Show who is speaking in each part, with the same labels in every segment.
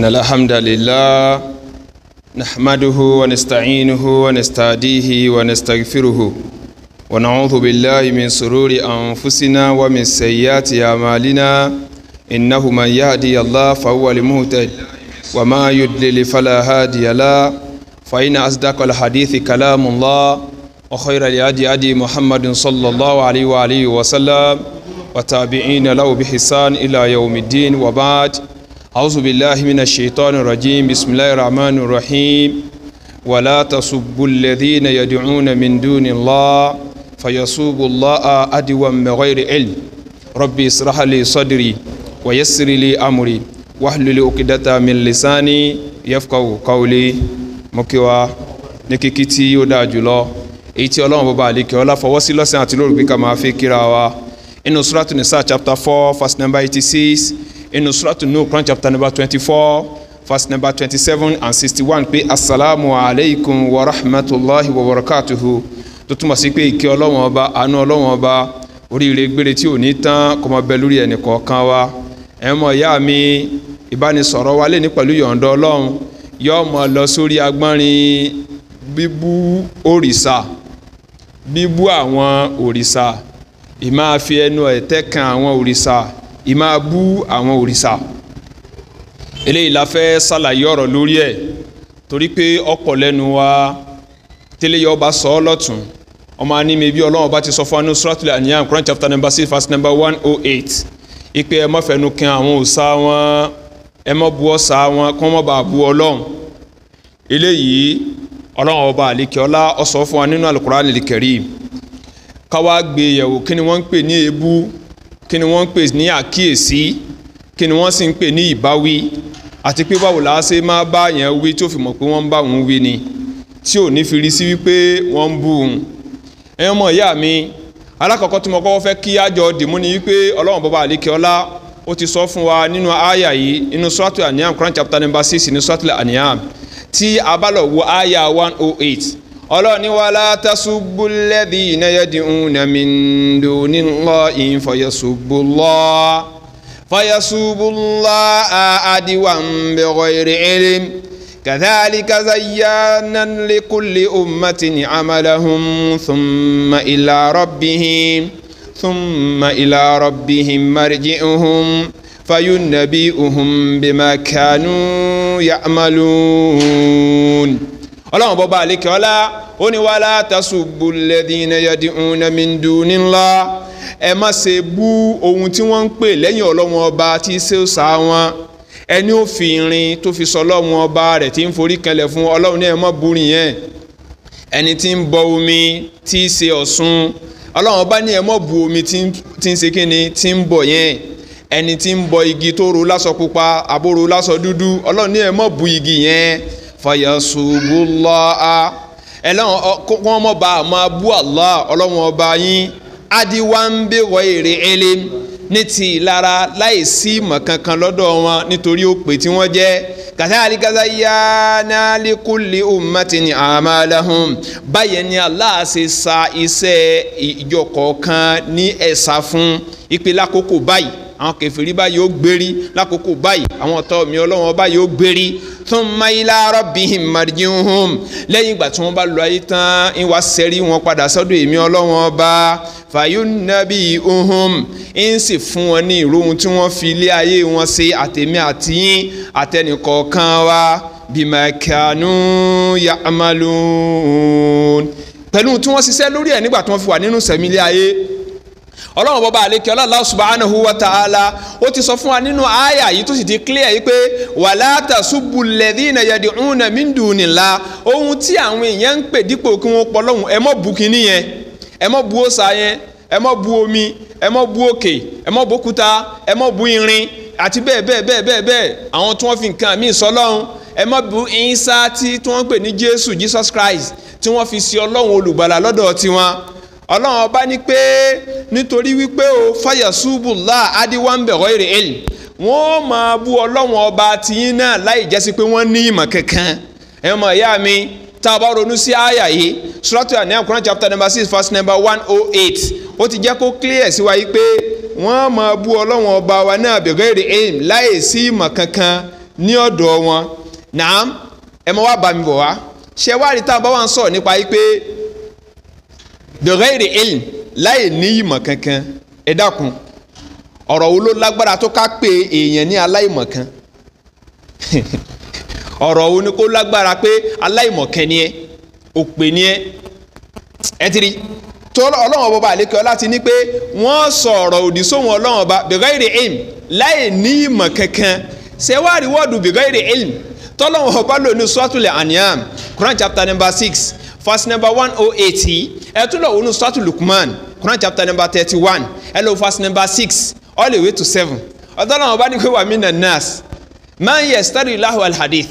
Speaker 1: إن الحمد لله نحمده ونستعينه ونستهديه ونستغفره ونعوذ بالله من سرور أنفسنا ومن سيئات أعمالنا إنه من يهدي الله فهو المهتد وما يدلل فلا هادي له فإن أصدق الحديث كلام الله وخير الهدي هدي محمد صلى الله عليه وآله وسلم وتابعين له بحسان إلى يوم الدين وبعد أعوذ بالله من الشيطان الرجيم بسم الله الرحمن الرحيم ولا تسبوا الذين يدعون من دون الله فيسوبوا الله عدوا بغير علم ربي اشرح لي صدري ويسر لي أمري واحلل عقدة من لساني يفقهوا قولي مكوا نكيكي تي يودا جلو èyí tí ọlọ́run bọ́ba àlékè ọlá fọwọ́ sí lọ́sàn àti lóru pé ká máa chapter four verse number eighty inú suratu nu Quran chapter number twenty four verse number twenty seven and sixty one pé asalaamu alaykum wa rahmatulahi wa barakatuhu tó túmọ̀ sí pé ìkẹ́ ọlọ́wọ́n ọba àánú ọlọ́wọ́n ọba oríire gbére tí ò ní tán kó máa bẹ lórí ẹnì kọ̀ọ̀kan wa ẹ mọ̀ ìyá mi ìbánisọ̀rọ̀ wa lè ní pẹ̀lú yọ̀ǹda ọlọ́run yóò máa lọ sórí agbọ́nrin bíbú òrìṣà bíbú àwọn òrìṣà ìmáa fi ẹnu ẹ̀tẹ́ kan àwọn òrìṣà ìmáa bú àwọn òrìṣà eléyìí la fẹ́ ṣàlàyé ọ̀rọ̀ lórí ẹ̀ torí pé ọ̀pọ̀ lẹ́nu wa tẹ́lẹ̀ yọ ọba sọ ọ́ lọ́tún ọmọ anímọ̀ ibi ọlọ́run ọba ti sọ fún anú suratul aniyam Quran chapter number six verse number one oh eight ipe ẹ má fẹnu kan àwọn òòṣà wọn ẹ má bu ọ̀sà wọn kí wọ́n má bàa bu ọlọ́run eléyìí ọlọ́run ọba àlekèọ́lá ọ̀sọ́ fún wa nínú Al-Quran Al-Karim káwá gbé e yẹ̀wò kí ni wọ́n ń pè ní èébú kí ni wọ́n ń pè ní àkíyèsí kí ni wọ́n sì ń pè ní ìbáwí àti pé báwo la ṣe máa bá yẹn wí tí ó fi mọ̀ pé wọ́n ń bá òun wí ni tí ò ní fi rí sí wípé wọ́n ń bú òun ẹ̀yin ọmọ ìyá mi alákọ̀ọ́kọ́ tí mo kọ́kọ́ fẹ́ kí ájọ dìmú ni wípé ọlọ́run bọ́ba àlékè ọlá ó ti sọ fún wa nínú àyà yìí nínú sọ́tù àníyàn Quran chapter number six ní sọ́tù àníyàn tí a bá lọ wo àyà one oh eight ألاني ولا تسبوا الذين يدعون من دون الله فيسبوا الله فيسبوا الله أدوا بغير علم كذلك زيانا لكل أمة عملهم ثم إلى ربهم ثم إلى ربهم مرجئهم فينبئهم بما كانوا يعملون ọlọ́run bọ́ba àlékè ọlá ó ní wala tasubbuladhina yad'una min dunillah ẹ má ṣe bú ohun tí wọ́n ń pè lẹ́yìn ọlọ́run ọba tí ṣe é sá wọn ẹni ó fi irin tó fi sọ ọlọ́run ọba rẹ̀ tí ń forí kanlẹ̀ fún ọlọ́run ní ẹ má búrin yẹn ẹni tí ń bọ omi tí í ṣe ọ̀ṣun ọlọ́run ọba ní ẹ má bu omi tí ń ṣe kíni tí ń bọ̀ yẹn ẹni tí ń bọ igi tó ro lásọ pupa àbóró lásọ dúdú ọlọ́run ní ẹ bu igi yẹn fàyàṣùbùláà ẹ lọ́wọ́n kó wọ́n mọ̀ bá a máa bú allah ọlọ́wọ́n ọba yín adiwa ń bẹ wọ èrè ẹlẹ́ ní ti ìlara láì sí ìmọ̀ kankan lọ́dọ̀ wọn nítorí òpè tí wọ́n jẹ́ kàtàlí gaza yá nálẹ́kùlẹ́ ọmọọ̀tì báyẹn ni allah sa iṣẹ́ ìjọ kan ní ẹ̀sà fún ìpè lákòókò báyìí àwọn kẹfìrí báyìí ó gbérí lákòókò báyìí àwọn ọ̀tọ́ mi ọlọ́run ọba yóò gbérí tún mayila arọ́bìhìn marjihun lẹ́yìn ìgbà tí wọ́n bá lọ ayé tán ń wá sẹ́rí wọn padà sọ́dọ̀ èmi ọlọ́run ọba fàyọ ohun ń sì fún wọn ní ìròhun tí wọ́n fi ilé ayé wọn ṣe àtẹ̀mí àtìyín àtẹnìkọ̀ọ̀kan wa bìmọ̀kànú yàmàlú pẹ̀lú tí wọ́n ṣiṣẹ́ lórí ẹ̀ nígbà tí wọ́n fi wà nínú sẹ̀mílẹ̀ ayé ọlọ́run bọ́ba àlékè Allah subhanahu wa ta'ala ó ti sọ fún wa nínú àyà yìí tó sì ti clear yìí pé wala tasubbu alladhina yad'una min dunillah ohun tí àwọn èèyàn ń pè dípò kí wọ́n pọ̀ lọ́hùn ẹ mọ́ bu kínní yẹn ẹ mọ́ bu òòṣà yẹn ẹ mọ́ bu omi ẹ mọ́ bu òkè ẹ mọ́ bu òkúta ẹ mọ́ bu irin àti bẹ́ẹ̀ bẹ́ẹ̀ bẹ́ẹ̀ bẹ́ẹ̀ bẹ́ẹ̀ àwọn tí wọ́n fi nǹkan míì sọlọ́run ẹ mọ́ bu ìyínsá tí wọ́n pè ní Jésù Jesus Christ tí wọ́n fi sí ọlọ́run olùgbàlà lọ́dọ̀ tiwọn ọlọ́run ọba ní pé nítorí wípé o fàyàsúbù láà adéwàmbẹ̀ ọ̀rẹ́ ẹ̀lì wọ́n máa bú ọlọ́run ọba tiyín náà láì jẹ́ sí pé wọ́n ní ìmọ̀ kankan ẹ̀ mọ̀ ìyá mi tá a bá ronú sí àyà yìí sùrọ̀tù àní àkùnrin chapter number six verse number one oh eight ó ti jẹ́ kó clear sí wa yìí pé wọ́n máa bú ọlọ́run ọba wa náà bẹ̀rẹ̀ ẹ̀lì láì sí ìmọ̀ kankan ní ọ̀dọ̀ wọn nàám ẹ̀ mọ̀ wá bá bọ̀ wá ṣe wá rí tá a bá wà ń sọ̀rọ̀ nípa yìí pé de ghayri ilm láì ní ìmọ̀ kankan ẹ dákun ọ̀rọ̀ wo ló lágbára tó ká pé èèyàn ní aláìmọ̀ kan ọ̀rọ̀ wo ni kó lágbára pé aláìmọ̀ kan ni ẹ òpè ni ẹ ẹ ti rí tó ọlọ́run ọba àlékè ọ láti ní pé wọ́n sọ ọ̀rọ̀ òdì sóhun ọlọ́run ọba bẹ̀gáìrì ilm láì ní ìmọ̀ kankan ṣé wàá rí wọ́ọ̀dù bẹ̀gáìrì ilm tọ́lọ́run ọba lò ní sọ́tùlẹ̀ àníyàn Quran chapter number six verse number one oh eight ẹ tún lọ wọnú sọ́tù lukman quran chapter number thirty one ẹ lọ verse number six all the way to seven ọ̀dọ́lọ́wọ́n bá ní pé wàmí nà nas man yẹ study lahu alhadith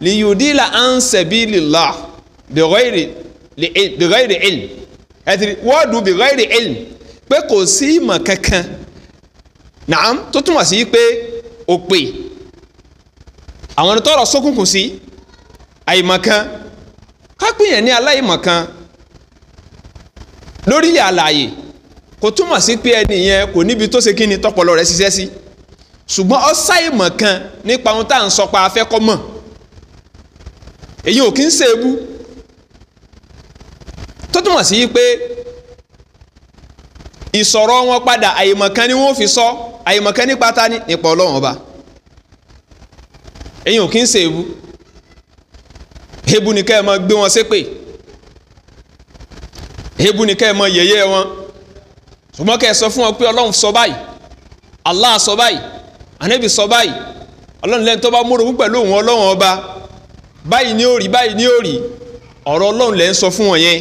Speaker 1: liyudila an sabilillah bẹ̀rẹ̀ ilm ẹ ti wọ́ọ̀dù bẹ̀rẹ̀ ilm pé kò sí ìmọ̀ kankan naam tó túmọ̀ sí pé òpè àwọn tọrọ sókùnkùn sí àyèmọ̀ kan kápẹ́yàn ní aláìmọ̀kan lórílẹ̀ àlàyé kò túmọ̀ sí pé ẹni yẹn kò níbi tó ṣe kí ni tọpọlọ rẹ̀ ṣiṣẹ́ sí ṣùgbọ́n ọ̀sáìmọ̀kan nípa ohun tá à ń sọ pa afẹ́kọ́ mọ̀ èyí ò kí ń ṣe ebú tó túmọ̀ sí pé ìsọ̀rọ̀ wọn padà àìmọ̀kan ni wọ́n fi sọ àìmọ̀kan nípa ta ni nípa ọlọ́run ọba èyí ò kí ń ṣe ebú hebu ni kẹ́ ẹ máa gbé wọn ṣépè hebu ni kẹ́ ẹ máa yẹ̀yẹ́ wọn ṣùgbọ́n kẹ́ ẹ sọ fún wọn pé ọlọ́run sọ báyìí allah sọ báyìí anabi sọ báyìí ọlọ́run lẹ́nu tó bá múròwú pẹ̀lú òun ọlọ́run ọba báyìí ni ó rí báyìí ni ó rí ọ̀rọ̀ ọlọ́run lẹ́ ń sọ fún wọn yẹn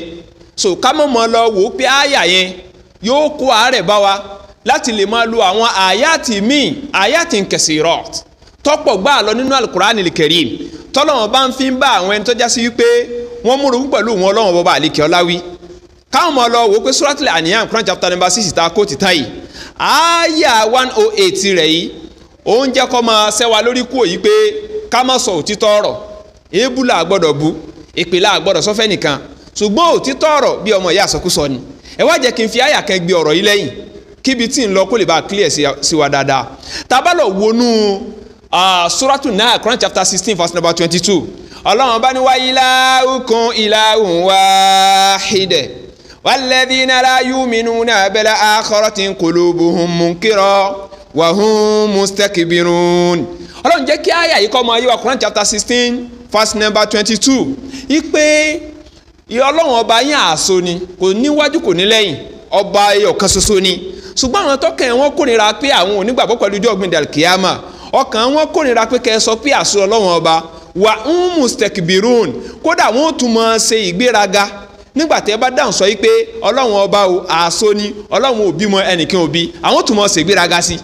Speaker 1: so ká mọ̀ mọ́ lọ wò ó pé àyà yẹn yóò kó àárẹ̀ bá wa láti lè máa lo àwọn àyàtì míì àyàtì nkẹsìrọ̀ tọ́pọ̀ gbáà lọ nínú alukur'an tọ́lọ́wọ́n bá ń fi bá àwọn ẹni tó já sí wípé wọ́n múru pẹ̀lú wọn ọlọ́wọ́n bọ́ba àlekè ọláwí káwọn ọmọ lọ wò pé suratul aniyam quran chapter number six ta kó ti àáyà one oh eight rẹ̀ yìí òun jẹ́ kọ́ máa sẹ́wà lórí kú òyí pé ká má sọ òtítọ́ ọ̀rọ̀ èébú là gbọ́dọ̀ bu èpè là gbọ́dọ̀ sọ́fẹ́ nìkan ṣùgbọ́n òtítọ́ ọ̀rọ̀ bí ọmọ ìyá àsọkúsọ ni ẹ wá jẹ́ kí n fi àyà kan gbé ọ̀rọ̀ yìí lẹ́yìn kíbi tí ń lọ kó lè bá a clear sí wa dáadáa tá a uh, suratu naa Quran chapter sixteen verse number twenty-two ọlọ́run bá ní wá ilahukum ilahun wahide walladhina la yu'minuna bil akhirati qulubuhum munkira wa hum mustakbirun ọlọ́run jẹ́ kí àyà yìí ọmọ ayé wa Quran chapter sixteen verse number twenty-two ipe ọlọ́run ọba yín àṣọ ni kò níwájú kò ní lẹ́yìn ọba ẹyọ kan ṣoṣo ni ṣùgbọ́n àwọn tọ́kẹ̀ wọn kórìíra pé àwọn onígbàgbọ́ pẹ̀lú ọjọ́ ọ̀gbìn dàlkìyàmà ọkàn wọn kórìíra nira kẹ́ ẹ sọ pé àṣọ ọlọ́wọ́n ọba wà ń mustekbirun kódà wọn ò tún mọ ṣe ìgbéraga nígbà bá dáhùn sọ pé ọlọ́wọ́n ọba o àṣọ ni ọlọ́wọ́n òbí mọ ẹnìkan òbí àwọn ò tún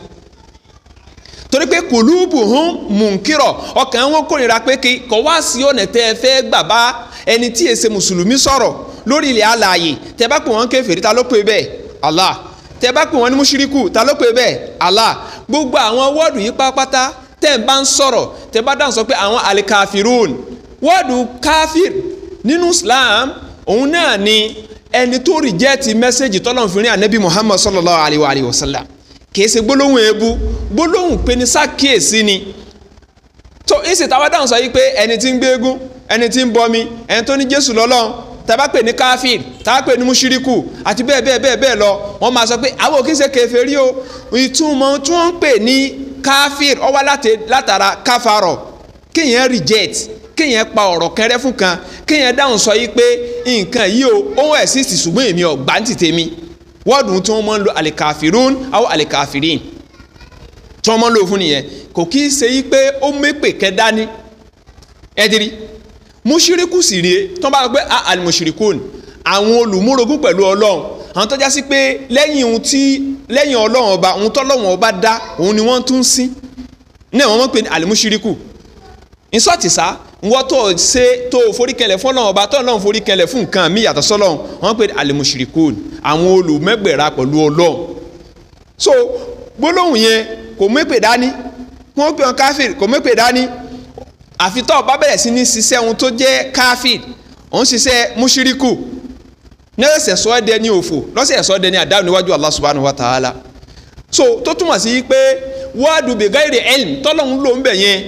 Speaker 1: torí pé kùlùbù ọkàn wọn wá sí ọ̀nà tẹ́ ẹ fẹ́ gbà bá ẹni tí èsè mùsùlùmí sọ̀rọ̀ lórí ilẹ̀ alààyè bá ta ló pè tẹ́ bá pè wọ́n ní mushiriku ta ló pè bẹ́ẹ̀ Allah gbogbo àwọn wọ́ọ̀dù yìí pátápátá tẹ́ ń bá ń sọ̀rọ̀ tẹ́ bá dáhùn sọ pé àwọn alikafirun wọ́ọ̀dù káfíìr nínú Islam òun náà ni ẹni tó rìjẹ́ẹ̀tì mẹ́sẹ̀gì tọ́lọ̀ fi rin ànábì Muhammad sallallahu alayhi wa sallam kì í ṣe gbólóhùn èébú gbólóhùn peni sákèésí ni tó ìsìtàwádà ń sọ yìí pé ẹni tí ń gbé eégún ẹni tí ń bọmi ẹni tó ní Jésù lọ́lọ́run tàbá pè ní káfíìn tàbá pè ní mushiriku àti bẹ́ẹ̀ bẹ́ẹ̀ bẹ́ẹ̀ bẹ́ẹ̀ lọ wọ́n máa sọ pé àwọn òkè ṣe kèfèrí o ìtumọ̀ tí wọ́n ń pè ní káfíìn ó wá látara káfàrọ̀ kéèyàn reject kéèyàn pa ọ̀rọ̀ kan rẹ́ fún kan kéèyàn dáhùn sọ yìí pé nǹkan yìí o òun exist ṣùgbọ́n èmi ọ̀gbá ń tètè mi wọ́ọ̀dù tí wọ́n máa ń lo alikafirun àwọn alikafirin tí wọ́n máa ń lo fún nìyẹn kò kí ń ṣe yìí pé ó mépè kẹ́ dání ẹ̀dìrí mushiriku sì rèé tó bá gbé alimushirikun ah, àwọn olùmúrogún pẹ̀lú ọlọ́run àwọn tó já sí pé lẹ́yìn ohun tí lẹ́yìn ọlọ́run ọba ohun tọ́lọ́run ọba dá òun ni wọ́n tún ń sìn náà wọ́n mọ̀ pé alimushiriku nsọ́tìsá wọ́n tó ṣe tó foríkẹlẹ̀ fún ọlọ́run ọba tó ọlọ́run foríkẹlẹ̀ fún nǹkan mi yàtọ̀ sọ́lọ́run wọ́n pè alimushirikun àwọn olùmẹ́gbẹ̀ra pẹ̀lú ọlọ́run so gbólóhùn yẹn kò mẹ́pẹ̀ dání wọ́n pè wọn káfíìn kò mẹ́pẹ̀ dání àfi tó bá bẹ̀rẹ̀ sí ní ṣiṣẹ́ ohun tó jẹ́ káfíìn òun ṣiṣẹ́ mushiriku lọ́sẹ̀ sọ ẹ́ dẹni òfò lọ́sẹ̀ sọ ẹ́ dẹni àdáhùn níwájú Allah subhanahu wa ta'ala so tó túmọ̀ sí pé wáàdù bẹ̀gáìrì ẹ̀lm tọ́lọ́hún ló ń bẹ̀ yẹn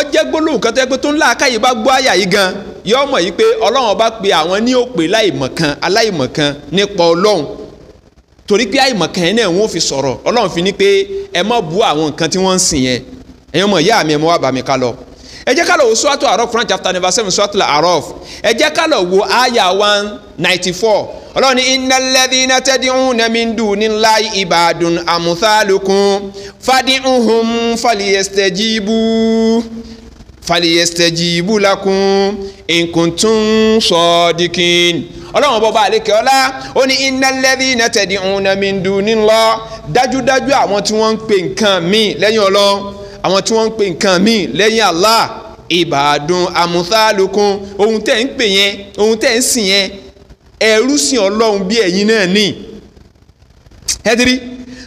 Speaker 1: ọjẹ́ gbólóhùn kan tó yẹ pé tó ń la akáyè bá gbọ́ àyà yìí gan yọ mọ̀ yìí pé ọlọ́run ọba pe àwọn ní òpè láìmọ̀kan aláìmọ̀kan nípa ọlọ́run torí pé àìmọ̀kan yẹn náà wọ́n fi sọ̀rọ̀ ọlọ́run fi ní pé ẹ má bu àwọn nǹkan tí wọ́n ń sìn yẹn ẹ̀yin ọmọ ìyá mi ẹ mọ́ wá bàmí ká lọ ẹ jẹ́ ká lọ wo suwatu arọ́f Quran chapter number seven suwatu arọ́f ẹ jẹ́ ká lọ wo aya one ninety four ọlọ́ni iná lẹ́dínà tẹ́dínhùn nàmíndù nílá ìbàdùn àmúthálùkùn fàdínhùn fàlìyẹsẹ̀jìbù fàlìyẹsẹ̀jìbù lákùn ìkùntún sọ̀ọ́dìkìn ọlọ́run bọ́ba àlékè la. ó ní iná lẹ́dínà tẹ́dínhùn nàmíndù nílá dájúdájú àwọn tí wọ́n ń pè nǹkan míì lẹ́yìn ọlọ́run àwọn tí wọ́n ń pè nǹkan míì lẹ́yìn Allah ìbàdùn àmúthálùkún ohun tẹ́ ń pè yẹn ohun tẹ́ ń sìn yẹn ẹ̀rú sìn ọlọ́run bí ẹ̀yin náà ní ẹ̀dírí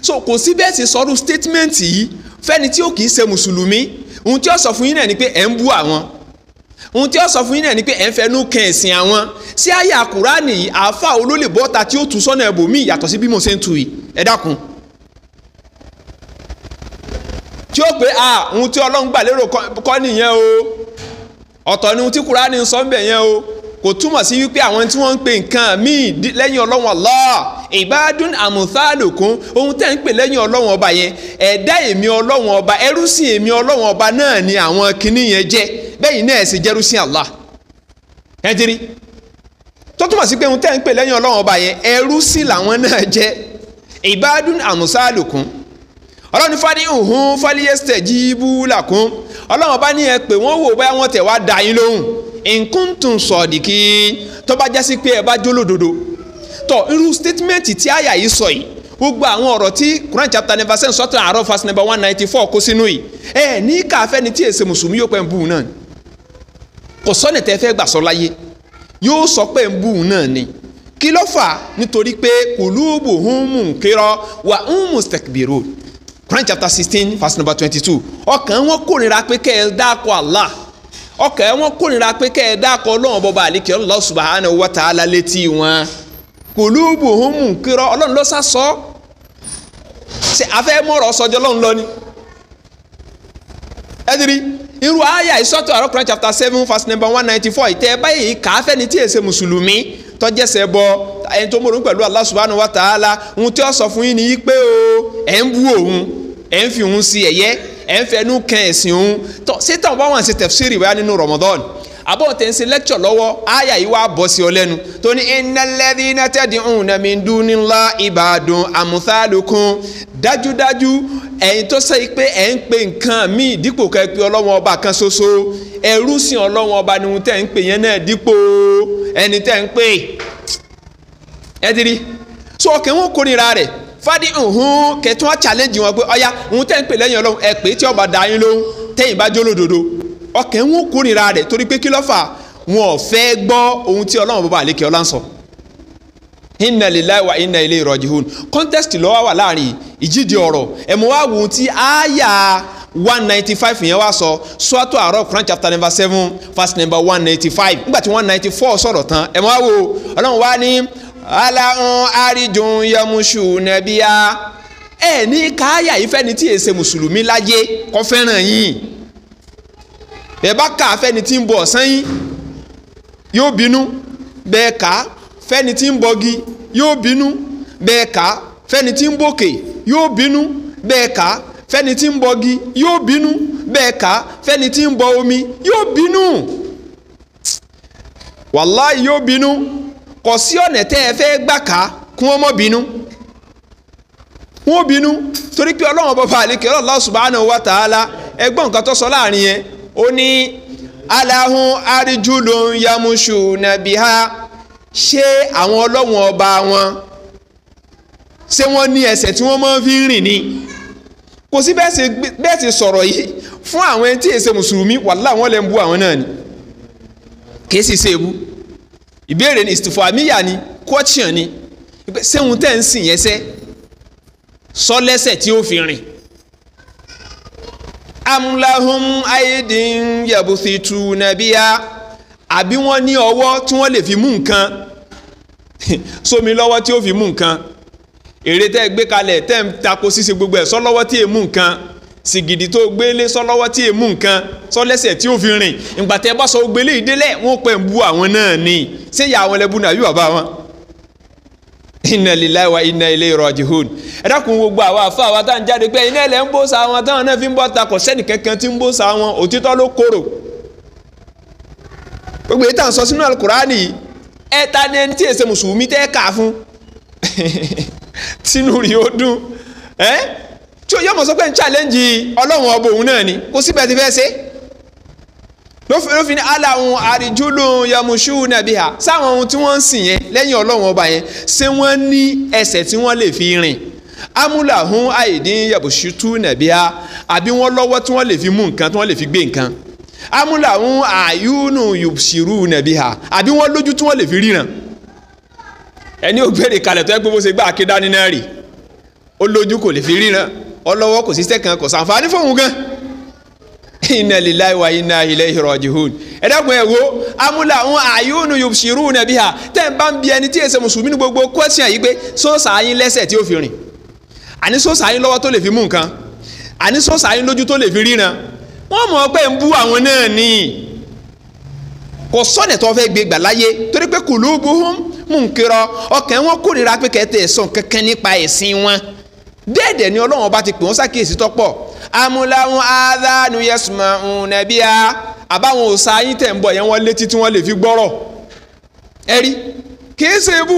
Speaker 1: so kò sí bẹ́ẹ̀ sì sọ́rú statement yìí fẹ́ni tí ó kì í ṣe mùsùlùmí ohun tí ó sọ fún yín náà ni pé ẹ̀ ń bú àwọn ohun tí ó sọ fún yín náà ni pé ẹ̀ ń fẹnu kàn ẹ̀sìn àwọn sí àyà Kùránì yìí àáfà olólè bọ́ta tí ó tù sọ́nà ẹ̀bòmíì yàtọ̀ sí bí mo ṣe ń tu yìí ẹ dákun tí ó pé a ohun tí ọlọ́run gbà lérò kọ́ nìyẹn o ọ̀tọ̀ ni ohun tí kúránì ń sọ ń bẹ̀ yẹn o kò túmọ̀ sí wípé àwọn tí wọ́n ń pè nǹkan míì lẹ́yìn ọlọ́run Allah ìbádùn àmùtálòkún ohun tẹ́ ń pè lẹ́yìn ọlọ́run ọba yẹn ẹ̀dá èmi ọlọ́run ọba ẹrúsìn èmi ọlọ́run ọba náà ni àwọn kinní yẹn jẹ́ bẹ́yìn náà sì jẹ́rúsìn Allah ẹ ti rí tó túmọ̀ sí pé ohun tẹ́ ń pè lẹ́yìn ọlọ́run ọba yẹn ẹrúsìn làwọn náà jẹ́ ìbádùn àmùtálòkún ọlọ́run fadi hùn fàlíyẹ́sítẹ̀ jíìbù làkún ọlọ́run bá ní ẹ pé wọ́n wò báyà wọ́n tẹ̀ wá dá yín lóhùn nkúntùn sọ̀dìkì tó bá jásí pé ẹ bá jólódodo tó irú statement tí àyà yìí sọ yìí gbogbo àwọn ọ̀rọ̀ tí Quran chapter number seven sọ́tàn àárọ̀ verse number one ninety four kó sínú yìí ẹ ní káfẹ́ ni tí èsè mùsùlùmí yóò pẹ́ ń bù náà kò sọ́nà tẹ́ fẹ́ gbà sọ láyé yóò sọ pé ń bù náà ni kí ló fà nítorí pé kùlùbù hùn wà hùn Quran chapter sixteen verse number twenty-two ọkàn wọn kórìíra pé kẹ́ ẹ dákọ̀ Allah ọkàn wọn kórìíra pé kẹ́ ẹ dákọ̀ ọlọ́run bọba àlekè Allah subhanahu wa ta'ala létí wọn kulubuhum munkira ọlọ́run ló sá sọ ṣe afẹ́ mọ̀rọ̀ sọjọ́ ọlọ́run lọ ni ẹdiri irú àyà ìsọ́tọ̀ Quran chapter seven verse number one ninety four ìtẹ́ báyìí kàáfẹ́ ni tí èsè mùsùlùmí tọ́jẹ́sẹ̀ bọ́ ẹni tó mọ̀rún pẹ̀lú Allah subhanahu wa ta'ala ohun tí ó sọ fún yín ni pé o ẹ̀ ń bú òun ẹ̀ ń fi òun sí ẹ̀yẹ́ ẹ̀ ń fẹnu kan ẹ̀sìn òun tó ṣé bá wọn ṣe tafsiri wá nínú Ramadan àbọ̀ tẹ̀ ń ṣe lecture lọ́wọ́ àyà yìí wá bọ́ sí ọ lẹ́nu tó ní innal ladhina tad'una min dunillahi ibadun amthalukum dájúdájú ẹ̀yin tó sẹ́yìn pé ẹ̀ ń pe nǹkan míì dípò ká ẹ pe ọlọ́wọ́n ọba kan ṣoṣo ẹrú sìn ọlọ́wọ́n ọba ni ohun tẹ̀ ń pè yẹn náà dípò ẹni tẹ̀ ń pè ẹ so ọkàn wọn kórìíra rẹ̀ fadi nhun kẹtù wọn challenge wọn pé ọya òun tẹ ń pè lẹ́yìn ọlọ́run ẹ pé tí ọba da yín lóhun tẹ́yìn bá jó lódodo torí pé kí ló fà wọn ohun tí sọ wa wà láàrin ọ̀rọ̀ ẹ̀ ti àyà one ninety five yẹn wá sọ chapter number seven verse number one ninety five nígbà tí one ninety four sọ̀rọ̀ aláhùn àríjùn yẹmuṣu nẹbíà ẹ ní káyà ìfẹ́ni tí èsè mùsùlùmí láyé kọ́ fẹ́ràn yín bẹ́ẹ̀ bá kà fẹ́ni tí ń bọ̀ ọ̀sán yín yóò bínú bẹ́ẹ̀ kà fẹ́ni tí ń bọgi yóò bínú bẹ́ẹ̀ kà fẹ́ni tí ń bòkè yóò bínú bẹ́ẹ̀ kà fẹ́ni tí ń bọgi yóò bínú bẹ́ẹ̀ kà fẹ́ni tí ń bọ omi yóò bínú wàláì yóò bínú kò sí ọ̀nà tẹ́ ẹ fẹ́ gbà ká kí wọ́n mọ́ bínú wọ́n bínú torí pé ọlọ́run bọ́ba àlekè Allah subhanahu wa ta'ala ẹgbọ́n nǹkan tó sọ láàrin yẹn ó ní alahun arijulun yamushu nabiha ṣé àwọn ọlọ́run ọba wọn ṣé wọ́n ní ẹsẹ̀ tí wọ́n máa fi ń rìn ni kò sí bẹ́ẹ̀ ti sọ̀rọ̀ yìí fún àwọn ẹni tí èsè mùsùlùmí wàhálà wọn lè ń bu àwọn náà ni kì í sì ṣe é bu ìbéèrè ni ìsìtìfọ̀ àmìyà ni question ni sẹ́hun tẹ́ ń sìn yẹn sẹ́ sọ lẹ́sẹ̀ tí ó fi rìn amlahum aidin yabusitu nabiya àbí wọ́n ní ọwọ́ tí wọ́n lè fi mú nǹkan sómi lọ́wọ́ tí ó fi mú nǹkan èrè tẹ́ gbé kalẹ̀ tẹ́ ń tako ṣíṣe gbogbo ẹ̀ sọ́ lọ́wọ́ tí è mú nǹkan. sìgìdì tó gbélé sọlọ́wọ́ tí èmú nǹkan sọlẹ́sẹ̀ tí ó fi rìn ìgbà tẹ́ bá sọ gbélé wọn pẹ̀ bu àwọn náà ni ṣé ìyá àwọn lẹ́bù náà wọn. wa inna ilayhi raji'un ẹ dákun gbogbo àwa àfa àwa tá à ń jáde pé iná ń bó fi ń bọ́ kankan tí ń bó sa wọn òtítọ́ ló korò. gbogbo èyí tá à ń sọ sínú ta ni ẹni fún tí o yọ mọ̀ sọ pé n challenge ọlọ́run ọba òun náà ni kò síbẹ̀ ti fẹ́ ṣe lófin ala ohun àríjúlù yamusu nàbí ha sáwọn ohun tí wọ́n ń sìn yẹn lẹ́yìn ọlọ́run ọba yẹn ṣé wọ́n ní ẹsẹ̀ tí wọ́n lè fi rìn amúlà hun àìdín yabusutu nàbí ha àbí wọ́n lọ́wọ́ tí wọ́n lè fi mú nǹkan tí wọ́n lè fi gbé nǹkan amúlà hun àyúnù yusiru nàbí àbí wọ́n lójú tí wọ́n lè fi ríran ẹni ò gbére kalẹ̀ tó yẹ pé bó ṣe gbá akédání náà rì ó lójú kò lè fi ríran ọlọ́wọ́ kò síṣẹ́ kan kò sàǹfààní fóun gan inna lillahi wa inna ilayhi raji'un ẹ dákun ẹ wo amúlá àwọn àyónú yubshiruna biha tẹ́ ń bá ń bi ẹni tí èsè mùsùlùmí ní gbogbo question yìí pé sóòsà ayín lẹ́sẹ̀ tí ó fi rìn àní sóòsà ayín lọ́wọ́ tó lè fi mú nǹkan àní sóòsà ayín lójú tó lè fi ríran wọ́n mọ̀ pé ń bú àwọn náà ni kò sọ́nà tó fẹ́ gbé gbà láyé torí pé kulubuhum ọkàn wọn kórìíra pé kẹ́tẹ̀ẹ́sán kankan nípa ẹ̀sìn wọn déèdè ni ọlọ́run ọba ti pè wọ́n ṣàkíyèsí tọ́pọ̀ amúláhùn adánu yẹsùmá nàbíà àbáwọn òòṣà yín tẹ̀ ń bọ̀ yẹn wọ́n létí tí wọ́n lè fi gbọ́rọ̀ ẹ̀rí kìí ṣe ebú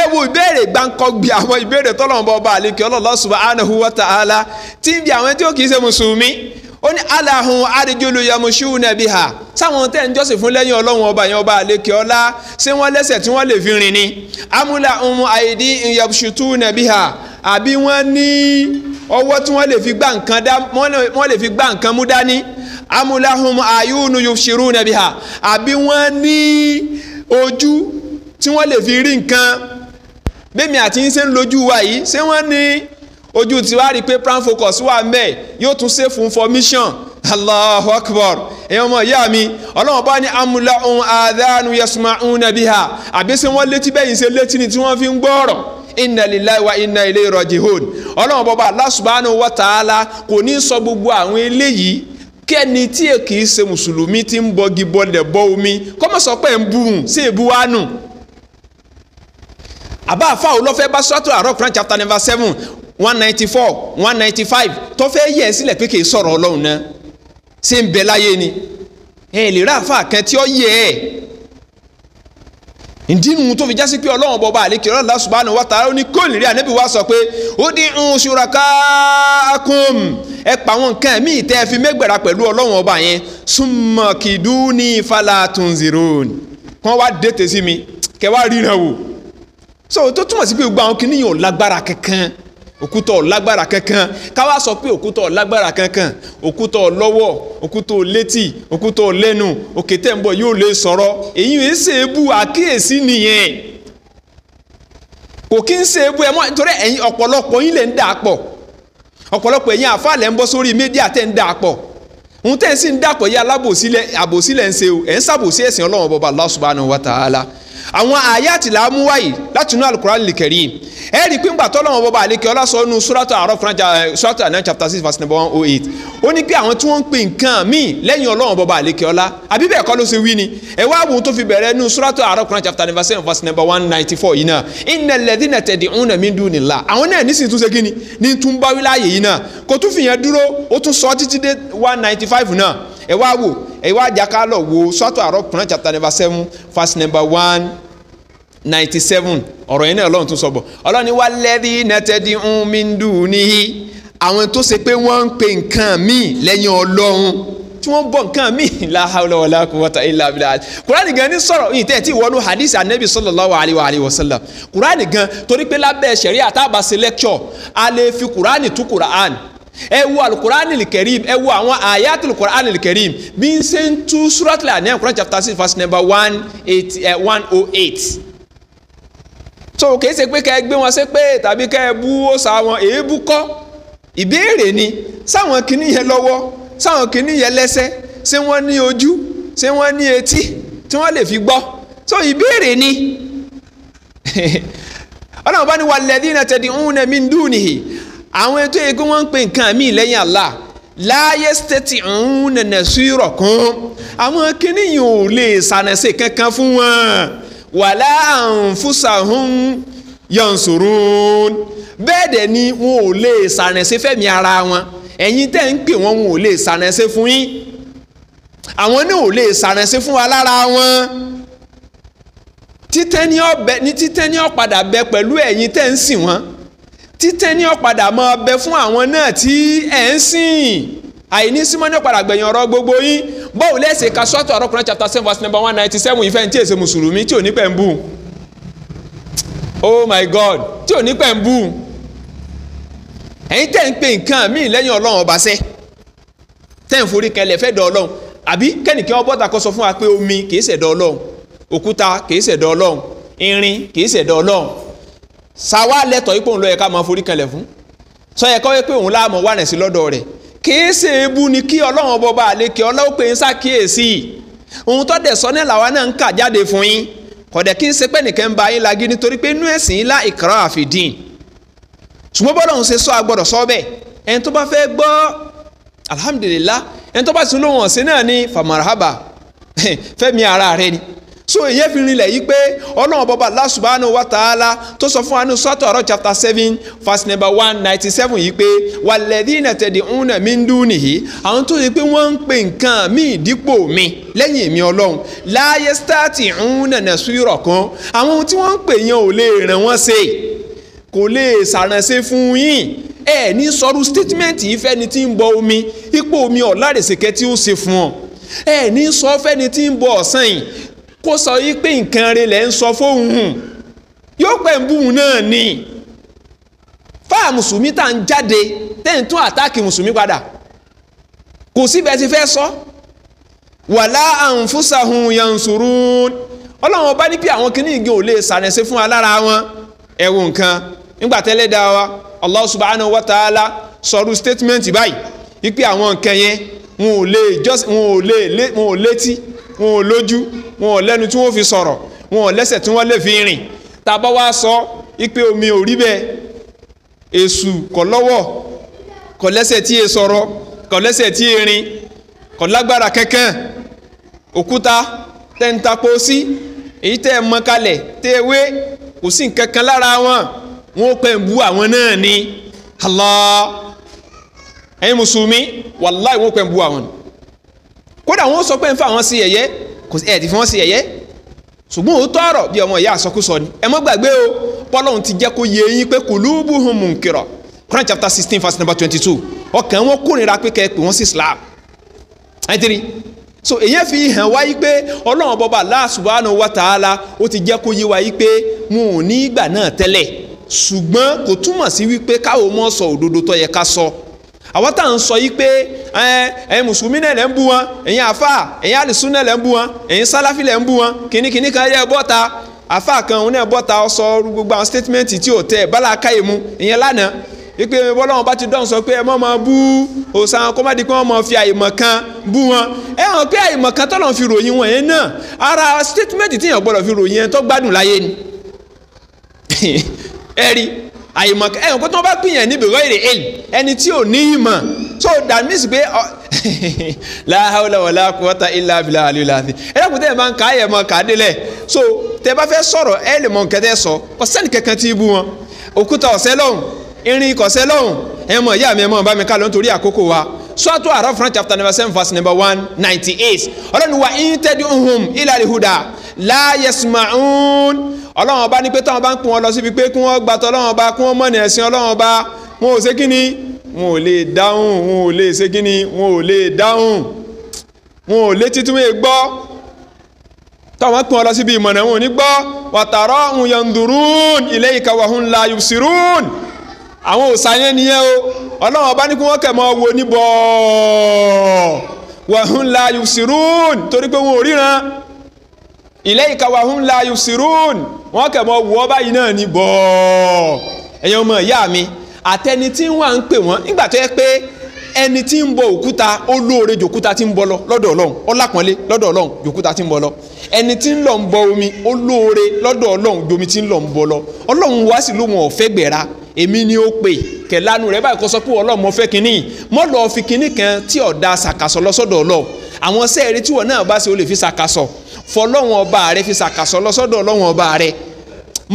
Speaker 1: ẹ wo ìbéèrè gbáǹkọ́gbì àwọn ìbéèrè tọ́lọ́mọba ọba àlekè Allah subhanahu wa ta'ala tí ń bi àwọn tí ó kì í ṣe mùsùlùmí ó ní alahun arijulu yamushuna biha sáwọn tẹ́ ń jọ́sìn fún lẹ́yìn ọlọ́run ọba yẹn ọba àlekè ọlá ṣé wọ́n lẹ́sẹ̀ tí wọ́n lè fi rìn ni amúlà ohun àìdí yamshutuna biha àbí wọ́n ní ọwọ́ tí wọ́n lè fi gbá nǹkan dá wọ́n lè fi gbá nǹkan mú dání amúláhùn àyùnú yubshiruna biha àbí wọ́n ní ojú tí wọ́n lè fi rí nǹkan bẹ́ẹ̀mi àti yín ṣe ń lójú wa yìí ṣé wọ́n ní ojú tí wàá rí i pé prime focus wà mẹ́ẹ̀ yóò tún ṣe fún formation allahu akbar ẹ̀yin ọmọ ìyá mi ọlọ́run bá ní amúlá ohun àdánù yasuma ohun nàbí ha àbí ṣé wọ́n létí bẹ́yìn ṣe létí ni tí wọ́n fi ń gbọ́ ọ̀rọ̀ inna lillahi wa inna ilayhi raji'un ọlọ́run bọ́ba Allah subhanahu wa ta'ala kò ní sọ gbogbo àwọn eléyìí kẹ́ni tí èkì í ṣe mùsùlùmí ti ń bọgi bọlẹ̀ bọ omi kọ́mọ̀sọ́pẹ̀ ń bùn sí èbúwánù àbá àfa ò lọ́fẹ́ bá sọ́tò àrọ́ Quran chapter number seven one ninety four one ninety five tọ́fẹ́ yẹ ẹ sílẹ̀ pé kì í sọ̀rọ̀ ọlọ́run náà ṣé ń bẹ láyé ni ẹ lè rà àfa kan tí ó yẹ ẹ ìdí nu tó fi jásí pé ọlọ́run bọba àlékè ọlọ́run Allah subhanahu wa ta'ala ó ní kó nìrí ànábì wa sọ pé ó dín ń ṣuraka akum ẹ pa àwọn nǹkan ẹ̀mí ìtẹ́ ẹ fi mẹ́gbẹ̀rà pẹ̀lú ọlọ́run ọba yẹn summa kiduni fala tunzirun kí wá dètè sí mi kẹ́ wá ríran wò so tó túmọ̀ sí pé gbogbo àwọn kìnìyàn ò lágbára kankan òkúta ọ̀lágbára kankan káwá sọ pé òkúta ọ̀lágbára kankan òkúta ọ̀lọ́wọ́ òkúta ọ̀létí òkúta ọ̀lẹ́nu òkè tẹ̀m̀bọ̀ yóò lè sọ̀rọ̀ èyí ò ṣe é bu àkíyèsí nìyẹn kò kí ń ṣe é bu ẹ mọ́ nítorí ẹ̀yin ọ̀pọ̀lọpọ̀ yín lè ń dà pọ̀ ọ̀pọ̀lọpọ̀ àfa ń bọ́ sórí mídíà ń dà pọ̀ òun ń ń àwọn àyàtì là á mú wáyìí láti inú alukur'an lè kẹ̀rí ẹ rí i pé ńgbà tọ́lọ́wọ́n bọ́ba àlékè ọlásọ́nù sóràtà àárọ̀ sóràtà nine chapter six verse number one oh eight ó ní pé àwọn tí wọ́n ń pè nǹkan míì lẹ́yìn ọlọ́wọ́n bọ́ba àlékè ọlá àbí bẹ́ẹ̀ kọ́ ló ṣe wí ni ẹ wá wò tó fi bẹ̀rẹ̀ inú sóràtà àárọ̀ kùnà chapter number seven verse number one ninety four yìí náà iná lẹ́dí náà tẹ̀dí òun mi dùn nílá àwọn náà ni ní tún báwí láàyè yìí náà kò tún fìyẹn dúró ó tún sọ títí dé one ninety five náà ẹ wá wò ẹ wá jaka lọ wo sọ́tọ̀ àrọ́ kùnà chapter number seven verse number one ninety seven ọ̀rọ̀ yẹn náà ọlọ́run tún sọ bọ̀ ọlọ́run ni wà lẹ́rí nẹ́tẹ́dí ń mi ń dùn níhí àwọn tó ṣe pé wọ́n ń pe nǹkan míì lẹ́yìn ọlọ́run tí wọ́n bọ̀ nǹkan míì la hawla wala quwwata illa billah kùránì gan ni sọ̀rọ̀ yìí tẹ́tí wọnú hadith anabi sallallahu alayhi wa alayhi wa kùránì gan torí pé lábẹ́ sẹ̀rí àtàbàṣe lecture a lè fi kùránì tú kùránì ẹ wo alukur'an ilikerim ẹ wo àwọn ayat alukur'an ilikerim bí n ṣe ń tú suratul aniyam quran chapter six verse number one eight eh, one oh eight so kìí ṣe pé kẹ gbé wọn ṣe pé tàbí kẹ bú ọ̀sà wọn èébú kọ́ ìbéèrè ni sáwọn kìíní yẹn lọ́wọ́ sáwọn kìíní yẹn lẹ́sẹ̀ ṣé wọ́n ní ojú ṣé wọ́n ní etí tí wọ́n lè fi gbọ́ so ìbéèrè ni ọlọ́run bá ní wàlẹ́dínà tẹ̀dí ń nà mí dùn nìyí àwọn ètò yìí kí wọ́n ń pè nǹkan míì lẹ́yìn Allah láyé stéètì ń nẹ̀nẹ̀ sí ìrọ̀kún àwọn kìnìún ò lè sànẹ̀sẹ̀ kankan fún wọn wàlá àǹfùsàhún yansurun bẹ́ẹ̀ dẹ̀ ni wọn ò lè sànẹ̀sẹ̀ fẹ́mi ara wọn ẹ̀yin tẹ́ ń pè wọ́n wọn ò lè sànẹ̀sẹ̀ fún yín àwọn náà ò lè sànẹ̀sẹ̀ fún wa lára wọn títẹ́ ní ọ̀padà bẹ pẹ̀lú ẹ̀yin tẹ́ ń sìn wọ́n títẹ́ ní ọ̀padà mọ́ ọbẹ̀ fún àwọn náà tí ẹ̀ ń sìn àìní símọ́ ní ọ̀padà gbẹ̀yìn ọ̀rọ̀ gbogbo yín bọ́ọ̀ lẹ́sẹ̀ ka sọ́ọ̀tù ọ̀rọ̀kùnrin chapter seven verse number one ninety seven ìfẹ́ ní tí èsè mùsùlùmí tí ò ní pẹ̀mbù oh my god tí ò ní pẹ̀mbù ẹ̀yin tẹ́ ń pe nǹkan míì lẹ́yìn ọlọ́run ọba sẹ́ tẹ́ ń forí kẹlẹ̀ fẹ́ dọ̀ ọlọ́run àbí kẹ́nìkẹ́ ọbọ̀tà kọ́ sọ fún wa pé omi kìí ṣẹ̀dọ̀ ọlọ́run òkúta kìí ṣẹ̀dọ̀ ọlọ́run irin kìí ṣẹ̀dọ̀ ọlọ́run sàwa lẹ́tọ̀ yìí pé òun ló yẹ ká máa forí kanlẹ̀ fún sọ yẹ kọ́ pé òun láàmú wà rẹ̀sí lọ́dọ̀ rẹ̀ kìí ṣe ebu ni kí ọlọ́run ọba ọba àlekè ọlọ́wọ́ pé ń ṣàkíyèsí òun tó dẹ̀ sọ náà làwa náà ń kà jáde fún yín kọ̀dẹ̀ kí n ṣe pé nìkan ń ba yín lagi nítorí pé inú ẹ̀sìn yín lá ìkàrà àfìdín ṣùgbọ́n bọ́lá òun ṣe sọ agbọ́dọ̀ sọ bẹ́ẹ̀ ẹni tó bá fẹ́ gbọ́ alhamdulillah ẹni tó bá ti lóhùn ọ̀sìn náà ní famarahaba fẹ́mi ara rẹ ni so ìyẹn fi rinlẹ̀ yìí pé ọlọ́run bọba Allah wa ta'ala tó sọ fún wa sọ́tọ̀ ọ̀rọ̀ chapter seven verse number one ninety seven yìí pé walladhina tad'una min dunihi àwọn tó yẹ pé wọ́n ń pè nǹkan míì dípò mi lẹ́yìn mi ọlọ́run la yastati'una nasirakum àwọn tí wọ́n ń pè yẹn ò lè ràn wọ́n ṣe kò lè ṣàránṣẹ́ fún yín ẹ ní sọrú statement yìí fẹ́ni tí ń bọ omi ipò omi ọ̀làrẹ̀sẹ̀kẹ́ tí ó ṣe fún ọ ẹ ní sọ fẹ́ni tí ń bọ ọ̀sán yìí kó sọ yí pé nǹkan rẹ̀ lẹ́ ń sọ fóun yóò pẹ̀ náà ni fáà mùsùlùmí tá à ń jáde tẹ́yìn tún àtáàkì mùsùlùmí padà kò síbẹ̀ ti fẹ́ sọ wàlá àǹfùsàhùn yansurun ọlọ́run ọba ní bí àwọn kìíní igi ò lè sàrẹ̀sẹ̀ fún alára wọn ẹ̀wù nǹkan nígbà tẹ́lẹ̀ dá wa Allah subhanahu wa ta'ala sọ̀rọ̀ statement báyìí wípé àwọn nǹkan yẹn wọn ò lè jọ́sí wọn ò lè wọn ò létí wọn ò lójú wọn ò lẹ́nu tí wọ́n fi sọ̀rọ̀ wọn ò lẹ́sẹ̀ tí wọ́n lè fi rìn tàbá wá sọ ipe omi ò rí bẹ́ẹ̀ èṣù kò lọ́wọ́ kò lẹ́sẹ̀ tí e sọ̀rọ̀ kò lẹ́sẹ̀ tí e rìn kò lágbára kankan òkúta tẹ́ sí èyí tẹ́ ẹ mọ kalẹ̀ tẹ́ ẹ wé kò sí nǹkan lára wọn wọn ò pẹ́ ń bú àwọn náà ni Allah ẹ̀yin mùsùlùmí wàláì wọ́n pẹ́ ń bu àwọn ni kódà wọ́n sọ pé ń fa àwọn sí yẹ̀yẹ́ kò sí ẹ̀ẹ́dì fún wọn sí yẹ̀yẹ́ ṣùgbọ́n òótọ́ ọ̀rọ̀ bí ọmọ ìyá àsọkúsọ ni ẹ mọ́ gbàgbé o pọ́lọ́hún ti jẹ́ kó yé yín pé kulubuhum munkira Quran chapter sixteen verse number twenty two ọkàn wọn kórìíra pé kẹ́ ẹ pè wọ́n sí Islam ẹ ti rí so èyí fi hàn wáyé pé ọlọ́run bọba Allah subhanahu wa ta'ala ó ti jẹ́ kó yé wáyé pé wọn ò ní ìgbà náà tẹ́lẹ̀ ṣùgbọ́n kò túmọ̀ sí wípé káwọn mọ̀ sọ òdodo tó yẹ ká sọ so àwọn tá à ń sọ yìí pé ẹ̀yin mùsùlùmí náà lẹ́ ń bú wọn ẹ̀yin àfà ẹ̀yin àlùsùn náà lẹ́ ń bú wọn ẹ̀yin sálàfì lẹ́ ń bú wọn kìnnìkìnnì kan yẹ bọ́ta àfà kan òun náà bọ́ta sọ gbogbo àwọn statement tí ò tẹ bala káyè mu ìyẹn lánàá wípé bọ́lọ́wọ́n bá ti dán sọ pé ẹ mọ́ máa bú òsàn kó má di pé wọ́n máa fi àìmọ̀ kan bú wọn ẹ hàn pé àìmọ̀ kan tọ́lọ̀ fi ròyìn wọn yẹn náà ara statement tíyàn gbọ́dọ̀ fi ròyìn yẹn tó gbádùn láyé ni ẹ rí àìmọ̀ ẹ̀wọ̀n pé tí wọ́n bá pìyàn níbi rọ èrè èlì ẹni tí ò ní ìmọ̀ so that means pé la hawla wala quwwata illa billahi aliyul azim ẹ dẹ́kun tẹ́ ẹ máa ń ka ayẹ̀ mọ́ kàdé lẹ̀ so tẹ́ bá fẹ́ sọ̀rọ̀ ẹ lè mọ nǹkan tẹ́ sọ kò sẹ́ni kankan tí ibú wọn òkúta ọ̀sẹ́ lọ́hùn irin kọ̀sẹ́ lọ́hùn ẹ mọ̀ ìyá mi ẹ mọ̀ bá mi ká lọ nítorí àkókò wa sọ́tò àrà fúnra chapter number seven verse number one ninety eight ọlọ́run wa in tẹ́dí ohun ilà ìhùdà láyẹ̀sùmáhùn ọlọ́run ọba ní pé táwọn bá ń pọn wọn lọ síbi pé kí wọ́n gbàtọ́ ọlọ́run ọba kí wọ́n mọ̀nà ẹ̀sìn ọlọ́run ọba wọn ò ṣe kí ni wọn ò lè dáhùn wọn ò lè ṣe kí wọn ò lè dáhùn wọn ò lè títún wọn gbọ́ táwọn pọn lọ síbi ìmọ̀nà wọn ò ní gbọ́ wàtàrọ́ ń yandurun ilé ìkàwáhùn la yubsirun àwọn òòsàn yẹn nìyẹn o ọlọ́run ọba ní kí wọ́n kẹ̀ mọ́ wo níbọ̀ wàhùn la yubsirun torí pé wọn ò ríran ilayka wa hum la yusirun wọ́n kẹ̀ mọ́ wọ́ báyìí náà ní bọ́ọ̀ ẹ̀yin ọmọ ìyá mi àtẹni tí wọ́n à ń pè wọ́n nígbà tó yẹ pé ẹni tí ń bọ òkúta ó lóore jòkúta tí ń bọ lọ lọ́dọ̀ ọlọ́run ọlápọ̀nlé lọ́dọ̀ ọlọ́run jòkúta tí ń bọ lọ ẹni tí ń lọ ń bọ omi ó lóore lọ́dọ̀ ọlọ́run jomi tí ń lọ ń bọ lọ ọlọ́run wá sí lóhun ọ̀fẹ́ gbẹ̀ra èmi ni ó pè kẹ̀lánu rẹ̀ báyìí kọ́ sọ pé ọlọ́run mo fẹ́ kinní mọ́ lọ́ọ́ fi kinní kan tí ọ̀dà sàkàsọ̀ lọ́sọ̀dọ̀ ọlọ́run àwọn sẹ́ẹ̀rí tí wọ́n náà bá ṣe ó lè fi sàkàsọ̀ fọlọ́wọ́n ọba rẹ fi ṣàkàsọ lọ́sọ́dọ̀ ọlọ́wọ́n ọba rẹ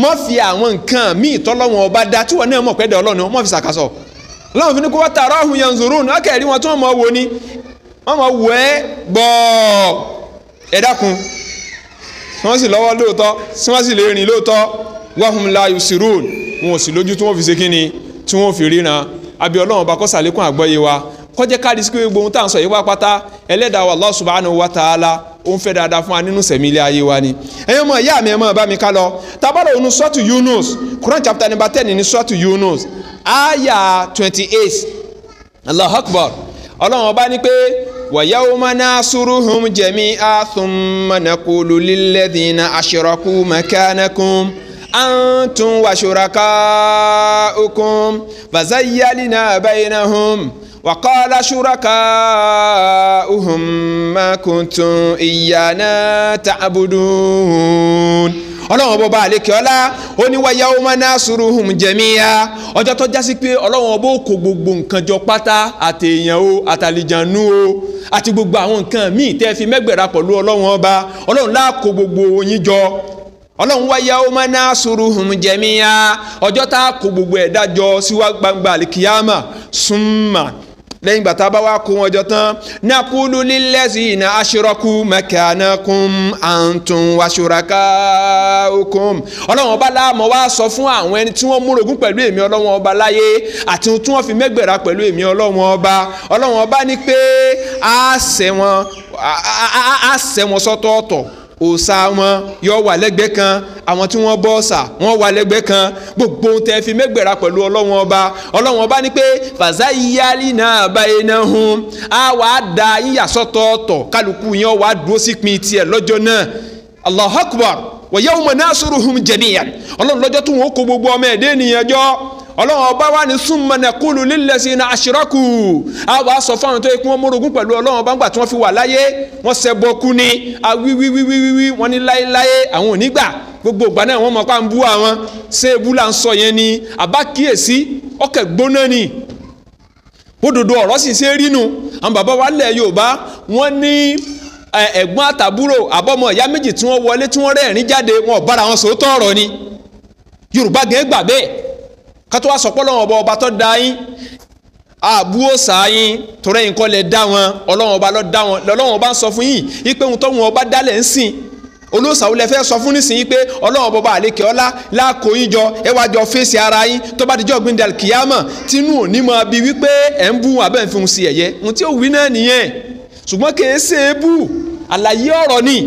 Speaker 1: mọ́ fi àwọn nǹkan míì tọ́lọ́wọ́n ọba dá tí wọ́n náà mọ̀ pẹ́ dẹ̀ ọlọ́run mọ́ fi ṣàkàsọ lọ́wọ́n fi wá tààrọ́ ọ̀hún ni wọ́n mọ̀ ẹ dákun tí wọ́n sì lọ́wọ́ lóòótọ́ tí wọ́n sì lè rìn lóòótọ́ la wọn ò sì lójú tí wọ́n fi ṣe tí wọ́n fi ríran kó jẹ́ káàdì sí pé gbogbo ohun tá à ń sọ yìí pátápátá ẹlẹ́dàá wa Allah subhanahu wa ta'ala ó ń fẹ́ dáadáa fún wa nínú sẹ̀mí ilé ayé wa ni. ẹ̀yin ọmọ ìyá mi ẹ̀ mọ̀ bá mi ká lọ tábàlọ̀ òun sọ́ọ̀tù Yunus Quran chapter number ten ní sọ́ọ̀tù Yunus aya twenty eight Allahu Akbar ọlọ́run ọba ní pé wa yawma nasuruhum jami'a thumma naqulu lilladhina ashraku makanakum antum wa shurakaukum fazayyalna bainahum. وقال شركاؤهم ما كنتم إيانا تعبدون ọlọ́run ọba àlekè ọlá ó ní wáyà ó máa ná suruhum jẹ̀míyà ọjọ́ tó jásí pé ọlọ́run ọba kó gbogbo nǹkan jọ pátá àtẹ̀yàn o àtàlìjànú o àti gbogbo àwọn nǹkan míì tẹ́ fi mẹ́gbẹ̀rà pẹ̀lú ọlọ́run ọba ọlọ́run láà kó gbogbo yín jọ ọlọ́run wáyà ó máa ná suruhum jẹ̀míyà ọjọ́ tá a kó gbogbo ẹ̀dá jọ síwá gbangba àlekìyàmà súnmà lẹ́yìn ìgbà tá a bá wá kó wọn jọ tán nakulu lilazina ashraku makanakum antum wa shurakaukum ọlọ́wọ́n ọba láàmú wá sọ fún àwọn ẹni tí wọ́n múrogún pẹ̀lú èmi ọlọ́wọ́n ọba láyé àti tí wọ́n fi mẹ́gbẹ̀rà pẹ̀lú èmi ọlọ́wọ́n ọba ọlọ́wọ́n ọba ní pé a ṣẹ̀ wọ́n a ṣẹ̀ wọ́n sọ́tọ̀ọ̀tọ̀ òòṣà wọn yọ wà lẹ́gbẹ̀ẹ́ kan àwọn tí wọ́n bọ́ ọ̀sà wọ́n wà lẹ́gbẹ̀ẹ́ kan gbogbo ohun tẹ́ fi mẹ́gbẹ̀ra pẹ̀lú ọlọ́wọ́n ọba ọlọ́wọ́n ọba ní pé fàzá ìyáálì náà báyé náà hun á wà á da yíyàsọ́tọ̀ọ̀tọ̀ kálukú yẹn wà á dúró sí pin tiẹ̀ náà Allahu Akbar wa yawma nasuruhum jami'an ọlọ́run lọ́jọ́ tó wọn kó gbogbo ọmọ ẹ̀dẹ́ ènìyàn jọ ọlọ́run ọba wa ní súnmọ́ nẹ́kúlù lílẹ̀ sí iná aṣírọ́kù àwa sọ fáwọn tó yẹ kí wọ́n mórogún pẹ̀lú ọlọ́run ọba ńgbà tí wọ́n fi wà láyé wọ́n ṣẹbọ kú ni awíwíwíwíwí wọ́n ní láéláé àwọn ò ní gbà gbogbo ìgbà náà wọ́n mọ̀ pa ń bú àwọn ṣé ebú là ń sọ yẹn ni àbá kíyèsí ọkẹ́ gbóná ni bódodo ọ̀rọ̀ sì ṣe rí àwọn bàbá wa lẹ̀ Yorùbá wọ́n ní ẹ̀gbọ́n àtàbúrò àbọ̀mọ ìyá méjì tí wọ́n wọlé tí wọ́n rẹ́ẹ̀rín jáde wọn ò bára wọn sòótọ́ ọ̀rọ̀ ni Yorùbá gẹ́gbà bẹ́ẹ̀ kátó wá sọpọ́ lọ́wọ́ ọba ọba tó da yín àbú òsà yín torí ẹ̀yin kọ́ lẹ dá wọn ọlọ́wọ́n ọba lọ dá wọn lọ́wọ́n ọba ń sọ fún yín ipe ohun tọ́wọ́n ọba dálẹ̀ ń sìn olóòsà wo lẹ fẹ́ sọ fún nísìnyí pé ọlọ́wọ́n ọba àlekè ọlá láàkó yín jọ ẹ wá jọ fèsì ara yín tó bá dijọ́ gbin dàlkìyàmọ̀ tínú òní mọ bí wípé ẹ̀ ń bú abẹ́ ń fi sí ẹ̀yẹ ohun tí ó wí náà nìyẹn ṣùgbọ́n kì í ṣe é bú àlàyé ọ̀rọ̀ ni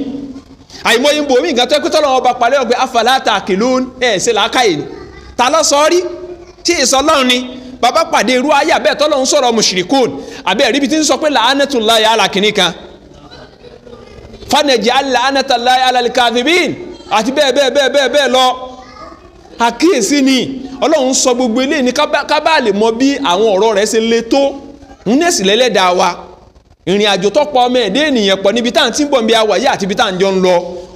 Speaker 1: àìmọye ń bomi nǹkan tó ẹ pé tọ́lọ́wọ́n ọba palẹ́ ọ̀gbẹ́ afalata kìlún ẹ̀ ṣe làákàyè ni ta ló sọ rí tí èso ọlọ́run ni bàbá pàdé irú ayé àbẹ́ tọ́lọ́run sọ̀rọ̀ mushrikun àbẹ́ ríbi tí ń sọ pé la'anatullahi ala kìíní kan fanẹ̀jì la'anatullahi ala al-kadhibin àti bẹ́ẹ̀ bẹ́ẹ̀ bẹ́ẹ̀ bẹ́ẹ̀ bẹ́ẹ̀ lọ àkíyèsí ni ọlọ́run sọ gbogbo eléyìí ní kábà lè mọ bí àwọn ọ̀rọ̀ rẹ̀ ṣe le tó ń nẹ́sì lẹ́lẹ́dàá wa ìrìn àjò tó pa ọmọ ẹ̀dẹ́ ènìyàn pọ̀ níbi tá ń tí ń bọ̀ níbi àwàyé àti ibi tá ń jọ ń lọ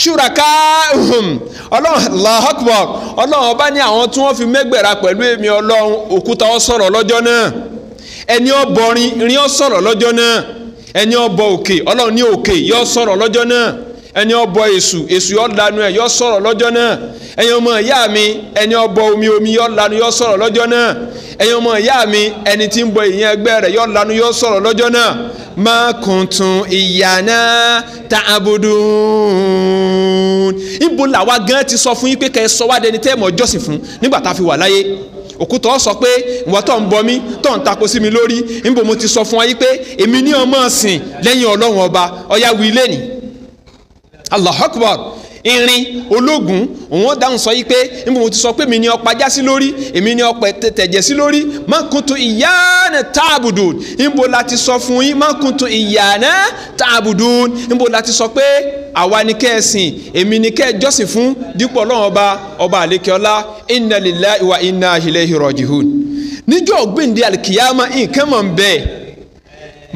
Speaker 1: ṣùràkàhùn ọlọ́run Allahu Akbar ọlọ́run ọba ní àwọn tí wọ́n fi mẹ́gbẹ̀ra pẹ̀lú èmi ọlọ́run òkúta ọ sọ̀rọ̀ lọ́jọ́ náà ẹni ọbọrin irin ó sọ̀rọ̀ lọ́jọ́ náà ẹni ọbọ òkè ọlọ́run ní òkè yó sọ̀rọ̀ lọ́jọ́ náà ẹni ọbọ èṣù èṣù yọ lanu ẹ yọ sọ̀rọ̀ lọ́jọ́ náà ẹ̀yin ọmọ ìyá mi ẹni ọbọ omi omi yọ lanu yọ sọ̀rọ̀ lọ́jọ́ náà ẹ̀yin ọmọ ìyá mi ẹni tí ń bọ ìyẹn ẹgbẹ́ rẹ̀ yọ lanu yọ sọ̀rọ̀ lọ́jọ́ náà má kùntùn ìyànà tá a bodò níbo làwa gan ti sọ fún yín pé kẹ́ sọ wá dẹni tẹ́ ẹ mọ̀ jọ́sìn fún nígbà tá a fi wà láyé òkútọ́ sọ pé ìwọ tó ń bọ mí tó ń tako sí mi lórí níbo mo ti sọ fún ọ yí pé èmi ní ọmọ ọ̀sìn lẹ́yìn ọlọ́run ọba ọ̀yá wí lẹ́nìí Allahu Akbar irin ológun òun dáhùn sọ yìí pé níbo mo ti sọ pé èmi ni ọ̀pá já sí lórí èmi ni ọ̀pẹ tẹ̀jẹ̀ sí lórí mákùntún ìyáàna táàbùdùn níbo la ti sọ fún yín mákùntún ìyáàna táàbùdùn níbo la ti sọ pé àwa ni kẹ́ ẹ sìn èmi ni kẹ́ ẹ jọ́sìn fún dípò ọlọ́run ọba ọba àlékeọlá inna lillahi wa inna ilayhi níjọ́ ògbéǹde alikiyama nǹkan mọ̀ ń bẹ́ẹ̀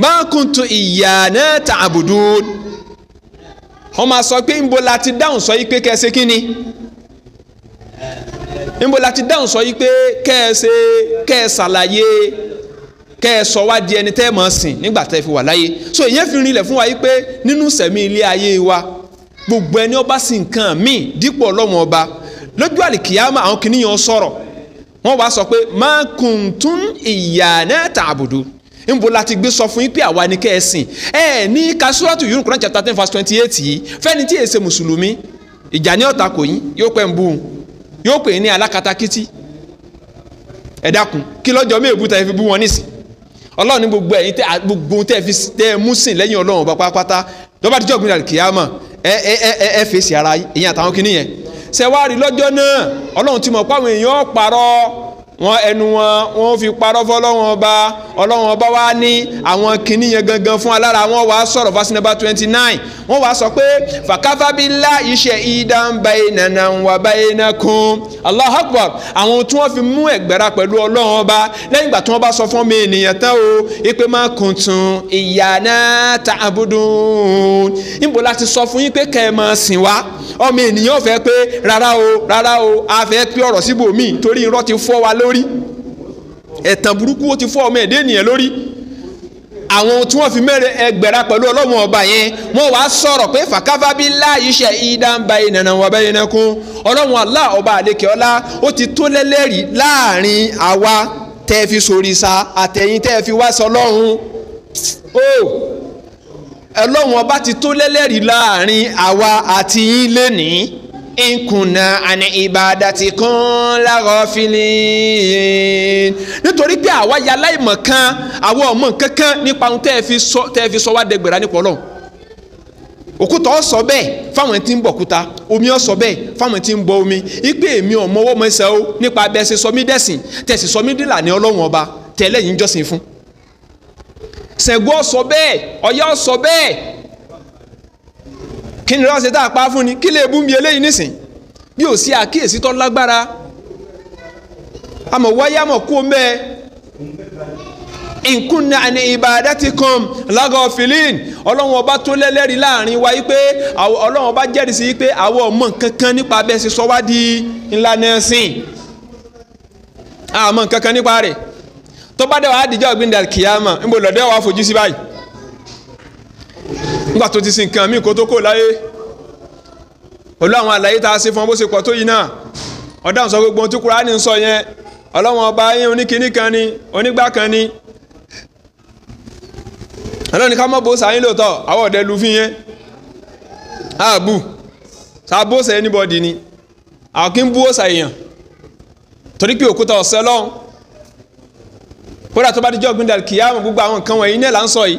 Speaker 1: mákùntún ìyáàna táàbùdùn wọ́n máa sọ pé ńbo la ti dáhùn sọ yìí pé kẹ́ ẹ ṣe kí ni ńbo la ti dáhùn sọ yìí pé kẹ́ ẹ ṣe kẹ́ ẹ ṣàlàyé kẹ́ ẹ sọ wá di ẹni tẹ́ ẹ mọ̀ sìn nígbà tẹ́ ẹ fi wà láyé so ìyẹn fi rinlẹ̀ fún wa yìí pé nínú sẹ̀mí ilé ayé wa gbogbo ẹni ọba sì nǹkan míì dípò ọlọ́wọ́n ọba lójú àlìkìyàmà àwọn kìnìyàn sọ̀rọ̀ wọ́n wá sọ pé má kùntùn ìyànà tààbùdù nbo la ti gbé sọ fún yín pé àwa ni kẹ́ẹ̀sìn ẹ ní kasuratu yurun Quran chapter ten verse twenty eight yìí fẹ́ni tí èsè mùsùlùmí ìjà ní ọ̀tà kò yín yóò pẹ́ ń bú un yóò pè é ní alákatakítí ẹ dákun kí lọ́jọ́ mi èbúta ẹ fi bú wọn nísìn ọlọ́run ní gbogbo ẹ̀yin gbogbo tẹ́ ẹ fi tẹ́ ẹ mú sìn lẹ́yìn ọlọ́run ọba pátápátá lọ́ba tíjọ́ gbìyànjú kìyàmọ̀ ẹ ẹ ẹ ẹ fèsì ara ìyẹn àtàwọn kìnìyẹn ṣẹ lọ́jọ́ náà ọlọ́run ti mọ̀ pé èèyàn ọ̀pàrọ̀ wọn ẹnu wọn wọn fi parọ́ fọlọ́wọn ọba ọlọ́wọn ọba wa ní àwọn kìnnì yẹn gangan fún alára wọn wàá sọ̀rọ̀ verse twenty nine wọn wàá sọ pé fàkàfàbílà iṣẹ́ ìdánbà ìnànà wà báyìí náà kún Allahu Akbar àwọn tí wọ́n fi mú ẹ̀gbẹ́ra pẹ̀lú ọlọ́wọn ọba lẹ́yìn ìgbà tí wọ́n bá sọ fún mi ènìyàn tán o ipe máa kùn tún ìyá náà ta àbúdùn níbo láti sọ fún yín pé kẹ́ ẹ máa sìn wá ọmọ ènìyàn fẹ́ pé rárá o rárá o àfẹ́ pé ọ̀rọ̀ síbòmíì torí irọ́ ti fọ́ wa ló lórí ẹ̀tàn burúkú ti fọ́ ọmọ ẹ̀dẹ́ ènìyàn lórí àwọn tí wọ́n fi mẹ́rin ẹgbẹ̀rà pẹ̀lú ọlọ́run ọba yẹn wọ́n wá sọ̀rọ̀ pé fàkàfàbí láàyè ṣe ìdánba ìnànà wọn bẹ́ẹ̀ yẹn kún ọlọ́run àlá ọba àlekè ọlá ó ti tó lẹ́lẹ́rìí láàrin àwa tẹ́ fi sòrìṣà àtẹ̀yìn tẹ́ fi wá sọ lọ́run ó ọba ti tó lẹ́lẹ́rìí láàrin àwa àti yín lénìí nkùnà àní ibadati kan lárọ fìlín nítorí pé àwa ya aláìmọ̀ kan àwa ọmọ kankan nípa ohun tẹ́ ẹ fi sọ tẹ́ ẹ fi sọ wá dẹgbẹ̀rẹ́ nípa ọlọ́run òkúta ó sọ bẹ́ẹ̀ fáwọn tí ń bọ òkúta omi ó sọ bẹ́ẹ̀ fáwọn tí ń bọ omi ipe èmi ọmọ ọwọ́ mọ́sẹ̀ o nípa abẹ́ ṣe sọ mí tẹ̀sí sọ dìlà ní ọlọ́run ọba tẹ́lẹ̀ yìí ń jọ́sìn fún Ṣàngó sọ bẹ́ẹ̀ Ọya ó sọ bẹ́ẹ̀ kí ni lọ́sẹ̀ tá a pa fún ni kí lè bú mi eléyìí nísìn bí ò sí àkíyèsí tó lágbára àmọ̀ wáyé àmọ̀ kú mẹ́ẹ̀ nkunna ani ibadati kom lagofilin ọlọ́run ọba tó lẹ́lẹ́rìí láàrin wa pé ọlọ́run ọba jẹ́rìí sí pé àwọn ọmọ kankan nípa bẹ́ẹ̀ ṣe sọ wá di ńlá náà sìn àmọ́ kankan nípa rẹ̀ tó bá dẹ̀ wá dìjọ́ gbìndà kìyàmà ńbọ̀ fojú sí báyìí nígbà tó ti sin nǹkan míì kó tó kò láyé pẹ̀lú àwọn àlàyé tá a ṣe fún ọ bó ṣe pọ̀ tó yìí náà ọ̀dáhùn sọ gbogbo ohun tí Kùránì ń sọ yẹn ọlọ́wọ́n ọba yín oníkíní kan ni onígbà kan ni ọlọ́ni ká mọ́ bóṣà yín lóòótọ́ àwọn ọ̀dẹ lu fi yẹn ààbù sá bóṣà anybody ni àwọn kí ń bú òṣà èèyàn torí pé òkúta ọ̀sẹ̀ lọ́hùn kódà tó bá dijọ́ gbìndàl kìyàmù gbogbo àwọn nǹkan wọ̀nyí náà là ń sọ yìí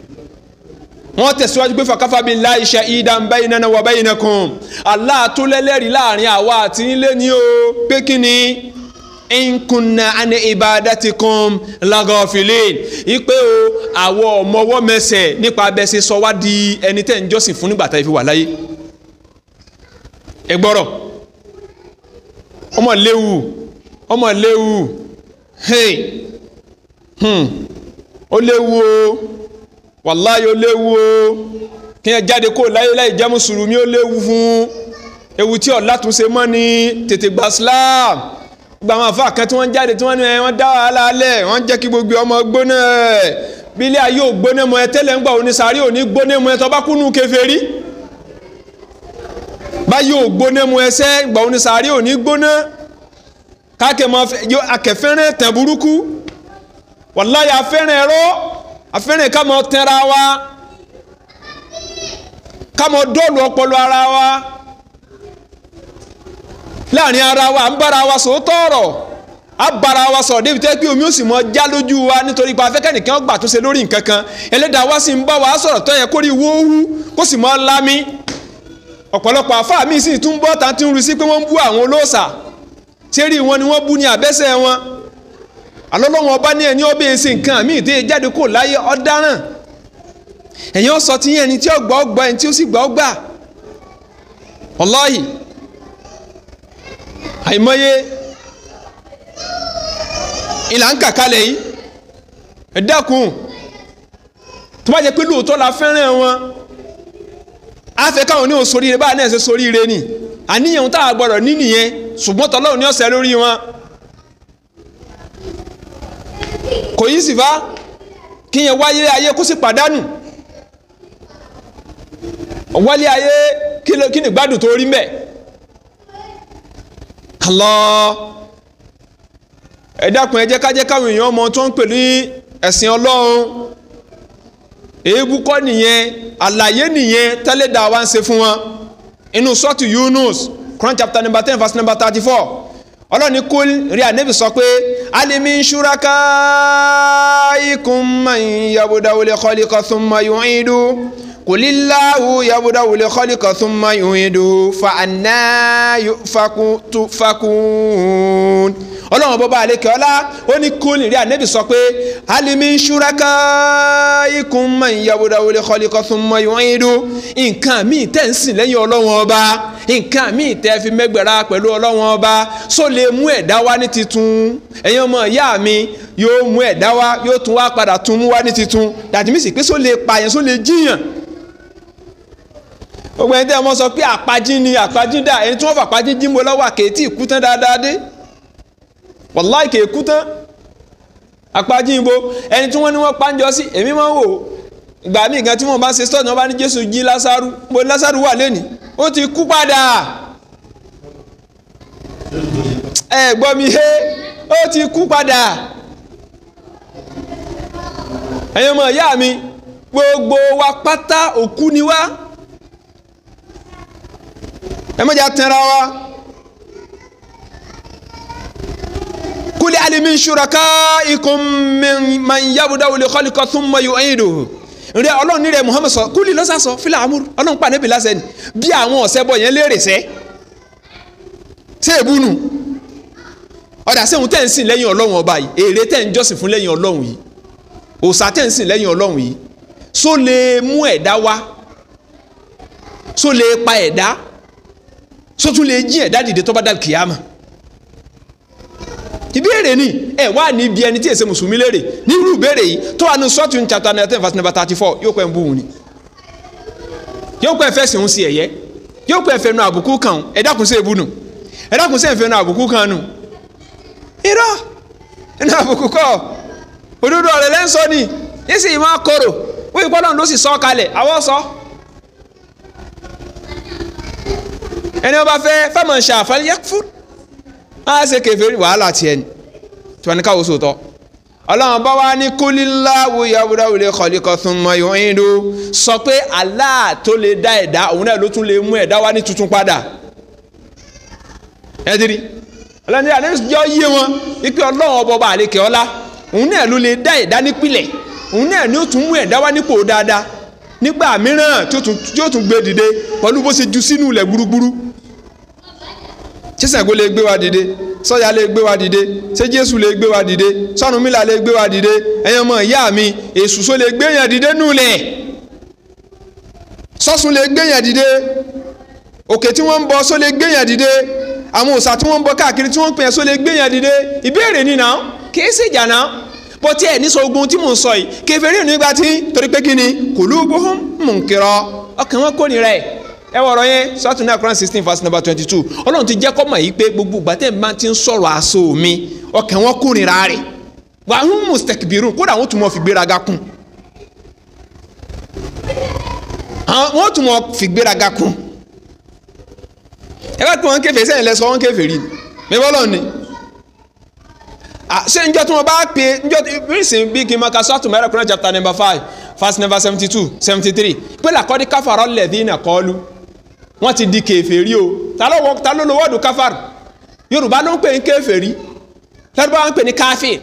Speaker 1: wọ́n tẹ̀síwájú pé fàkàfà bíi láì ṣe ìdán baynana wa baynakum Allah tó lẹ́lẹ́rìí láàrin àwa àti ilé ní o pé kí ni in kunna an ibadatikum lagafilin ipe o àwọ̀ ọmọwọ́ mẹsẹ̀ nípa abẹ́ ṣe sọ wá di ẹni tẹ́ ń jọ́sìn fún nígbà tá a fi wà láyé ẹ ọmọ léwu ọmọ léwu hey hmm ó léwu o wàláyé ó léwu o kí ẹ jáde kó láyé láì jẹ́ mùsùlùmí ó léwu fún ewu tí ọ̀la tún ṣe mọ́ ni tètè gba Islam gba àwọn àfa kan tí wọ́n jáde tí wọ́n ní wọ́n dá wàhálà alẹ̀ wọ́n jẹ́ kí gbogbo ọmọ gbóná ẹ̀ bí ilé ayé ò gbóná mọ́ ẹ tẹ́lẹ̀ ń gbà òní sàárì òní gbóná mọ́ ẹ tọ́ bá kúnnú kèfèrí báyìí ò gbóná mọ́ ẹsẹ́ gbà òní sàárì òní gbóná káàkiri akẹ́fẹ́rẹ́ tẹ̀ burúkú wàláyà fẹ́ràn ẹ̀rọ afẹ́ràn ká mọ tẹ́ra wa ká mọ dọ́ọ̀lù ọpọlọ ara wa láàrin ara wa ń bára wa sòótọ́ ọ̀rọ̀ á bára wa sọ̀rọ̀ débi tẹ́ pé omi ó sì mọ já lójú wa nítorí pé afẹ́kẹ́ nìkan gbà tó ṣe lórí nǹkan kan ẹlẹ́dàá wa sì ń bá wa sọ̀rọ̀ tó yẹ kórìí wó wóhú kó sì mọ lámí ọ̀pọ̀lọpọ̀ àfáà míì sì tún bọ́ tá ń ru sí pé wọ́n ń bú àwọn olóòṣà ṣé rí wọn ni wọ́n bú ní àbẹ́sẹ̀ wọn alọ́lọ́wọ́n ọba ní ẹni ọbẹ̀ èsì nǹkan àmì ìdí jáde kò láyé ọ̀daràn ẹ̀yin ọ̀sọ̀ ti yẹn ẹni tí ó gbà ó gbà ẹni tí ó sì gbà ó gbà ọlọ́yì àìmọye ìlà ń kàkálẹ̀ yìí ẹ dákun tó bá jẹ́ pé lóòótọ́ la fẹ́ràn wọn á fẹ́ káwọn oníhùn soríire báà náà ṣe soríire ni àníyàn tá a gbọ́dọ̀ ní nìyẹn ṣùgbọ́n tọ́lọ́run ní ọ̀sẹ̀ lórí wọn kò yí sì fa kíyẹn wáyé ayé kó sì pàdánù wálé ayé kí ni gbádùn tó rí mbẹ kàlọ ẹ dákun ẹ jẹ́ ká jẹ́ káwọn èèyàn ọmọ tó ń pè ní ẹ̀sìn Ọlọ́run èébú kọ́ nìyẹn àlàyé nìyẹn tẹ́lẹ̀dá wa ń ṣe fún wọn inú sọ́ọ̀tù Yunus Quran chapter number ten verse number thirty four ọlọ́ni kúl rí ànábì sọ pé alimi ṣúraká ikùn man yabudawul khaliqa thumma yu'idu kulilahu yabuda wuli kọlika suma yuhidu fa ana fakun ọlọ́run bọ́ba àlekè ọlá ó ní kúlì rí ànẹ́bì sọ pé alimi ṣúraká ikùn man yabuda wuli kọlika suma yuhidu nǹkan míì tẹ́ ń sìn lẹ́yìn ọlọ́run ọba nǹkan míì tẹ́ fi mẹ́gbẹ̀rá pẹ̀lú ọlọ́run ọba só lè mú ẹ̀dá wá ní titun ẹ̀yin ọmọ ìyá mi yóò mú ẹ̀dá wá yóò tún wá padà tún mú wá ní titun dàdí mísì pé só lè pààyàn só lè jíyàn gbogbo ẹni tẹ́ ọmọ sọ pé àpájí ni àpájí dà ẹni tí wọ́n fà àpájí jí mo lọ́wọ́ àkèétí ìkú tán dáadáa dé wàláì kèékú tán àpájí ibo ẹni tí wọ́n ní wọ́n pàǹjọ sí èmi máa ń wò ìgbà míì gan tí wọ́n bá ń ṣe stọ́ọ̀nù wọ́n bá ní Jésù jí Lásárù mo Lásárù wà lẹ́nìí ó ti kú padà ẹ gbọ́ mi hé ó ti kú padà ẹ̀yin ọmọ ìyá mi gbogbo wa pátá òkú ni wá ẹ mọ̀jà tẹ̀ra wa kuli alimin suraka ikun man yabuda wuli kọlikọ thumma yu'idu rẹ ọlọ́run nírẹ̀ muhammed sọ kúlì lọ́sà sọ fílà amúr ọlọ́run pa níbi lásẹ̀ ni bí àwọn ọ̀sẹ̀ bọ̀ yẹn léèrè sẹ́ ṣé èbúnu ọ̀dà sẹ́hun tẹ̀ ń sìn lẹ́yìn ọlọ́run ọba yìí èrè tẹ̀ ń jọ́sìn fún lẹ́yìn ọlọ́run yìí òòṣà tẹ̀ ń sìn lẹ́yìn ọlọ́run yìí só lè mú ẹ̀dá wá só lè pa ẹ̀dá sótún lè jí ẹ̀dá dìde tó bá dà kìámà ìbéèrè ni ẹ wá ní ibi ẹni tí èsè mùsùlùmí léèrè nírú ìbéèrè yìí tó wà ní sọ́ọ̀tún chapter nineteen verse number thirty four yóò pẹ́ ń bú wù ni yóò pẹ́ fẹ́ sìn sí ẹ̀yẹ yóò pẹ́ fẹ́ nu àbùkù kan ẹ dákun sí ebú nu ẹ dákun sí ẹ̀fẹ́ nu àbùkù kan nu irọ́ ẹnu àbùkù kọ́ òdodo ọ̀rẹ́ lẹ́ńsọ́ ni yẹ́sì ìmọ̀ akọ̀rọ̀ wọ́n ìpọ́nlọ́run ló sì sọ kalẹ̀ àwọ̀ sọ. ẹni wọn bá fẹ́ fẹ́mọ̀ ṣe àfẹ́lẹ́yẹ fún á ṣe kẹfẹ́rí wàhálà tiẹ̀ ni tiwọn ká wò sòtọ́ ọlọ́run bá wá ní kúlíláwù yàwúrà òlé kọ̀líkọ̀ tún mọ ìhun ìlú sọ pé Allah tó lè dá ẹ̀dá òun náà ló tún lè mú ẹ̀dá wá ní tuntun padà ẹ dirí ọlọ́run ní àdéhùn jọ yé wọn wípé ọlọ́run ọba ọba àlekè ọlá òun náà ló lè dá ẹ̀dá nípìlẹ̀ òun náà ni ó tún mú ẹ̀dá wá nípò dáadáa nígbà mìíràn tí ó tún gbé dìde pẹ̀lú bó ṣe ju sínú ilẹ̀ gburugburu ṣé Ṣàngó lè gbé wa dìde sọ́yà lè gbé wa dìde ṣé Jésù lè gbé wa dìde sọ́nùmílà lè gbé wa dìde ẹ̀yàn ọmọ ìyá mi Èṣù só lè gbé yàn dìde nùlẹ̀ sọ́sùn lè gbé yàn dìde òkè tí wọ́n ń bọ só lè gbé yàn dìde àwọn òòṣà tí wọ́n ń bọ káàkiri tí wọ́n ń pè yàn só lè gbé yàn dìde ìbéèrè ni náà kì í ṣèjà náà bó tiẹ̀ ní sọ ogun tí mò ń sọ yìí kèfèrí nígbà tí torí pé kí ni kulubuhum munkira ọkàn wọn kò ní rẹ̀ ẹ wọ ọ̀rọ̀ yẹn sọ́tún náà sixteen verse number twenty two ọlọ́run ti jẹ́ kọ́ mọ̀ yìí pé gbogbo ìgbà tẹ́ ẹ̀ máa ti ń sọ̀rọ̀ aṣọ mi ọkàn wọn kórìíra rẹ̀ wàhùn mustakbirun kódà wọn tún mọ̀ fi gbéraga kún wọn tún mọ̀ fi gbéraga kún ẹ bá pè wọn kèfèrí sẹ́yìn lẹ́sọ̀ wọn kèfèrí mi bọ́lọ̀ ni ṣé njọ́ tí wọ́n bá pè njọ́ rísìn bí kí n máa ka sọ́tún mẹ́rẹ̀ chapter number five verse number seventy two seventy three pé làkọ́dí káfàrọ́ lẹ̀ dín náà kọ́ lu wọ́n ti di kèfèrí o ta ló lo wọ́ọ̀dù káfàr yorùbá ló ń pè ní kèfèrí lọ́dún wọn pè ní káfíìn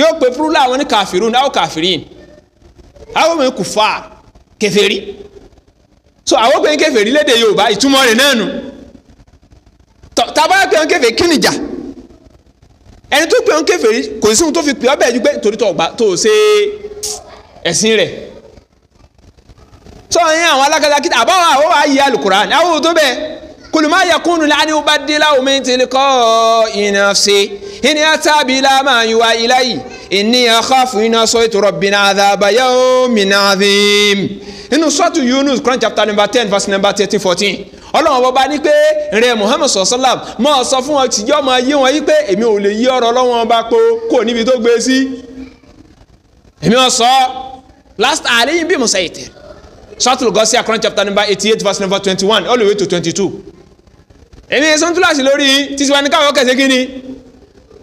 Speaker 1: yóò pe fúrúlà àwọn ní kàfírún náà kàfírin àwọn ọmọ kò fà kèfèrí so àwọn pè ní kèfèrí léde yorùbá ìtumọ̀ rẹ̀ náà nù tàbá pè ní kèfèrí kí nìjà ẹni tó pè ní kèfèrí kò sí ohun tó fi pè ọ́ bẹ́ẹ̀ ju pé torí tó ò ṣe ẹ̀sìn rẹ̀ sọ̀rọ̀ yẹn àwọn alákatakítà àbáwọn àwọn àyè alukurani àwọn ò tó bẹ́ẹ̀ kuluma yakunu lani ubadila min tilqa inafsi in atabi la ma yuwa ilayi inni akhafu ina soitu rabbina adhaba yawmin adhim inú sọ́ọ̀tù yunus Quran chapter number ten verse number thirteen fourteen ọlọ́run bọ́ba ní pé rẹ̀ muhammed sọ̀sọ́làm máa sọ fún wọn tìjọ́ máa yé wọn yí pé èmi ò lè yí ọ̀rọ̀ ọlọ́run ọba pé kò níbi tó gbé sí èmi ò sọ last àríyìn bí mo ṣe ìtẹ̀rẹ̀ sọ́tùlù gọ́sí àkọ́rán chapter number eighty eight verse number twenty one all the way to twenty two èmi ẹ̀sán túláàsì lórí ti wa ní káwọn kẹsẹ̀ kí ni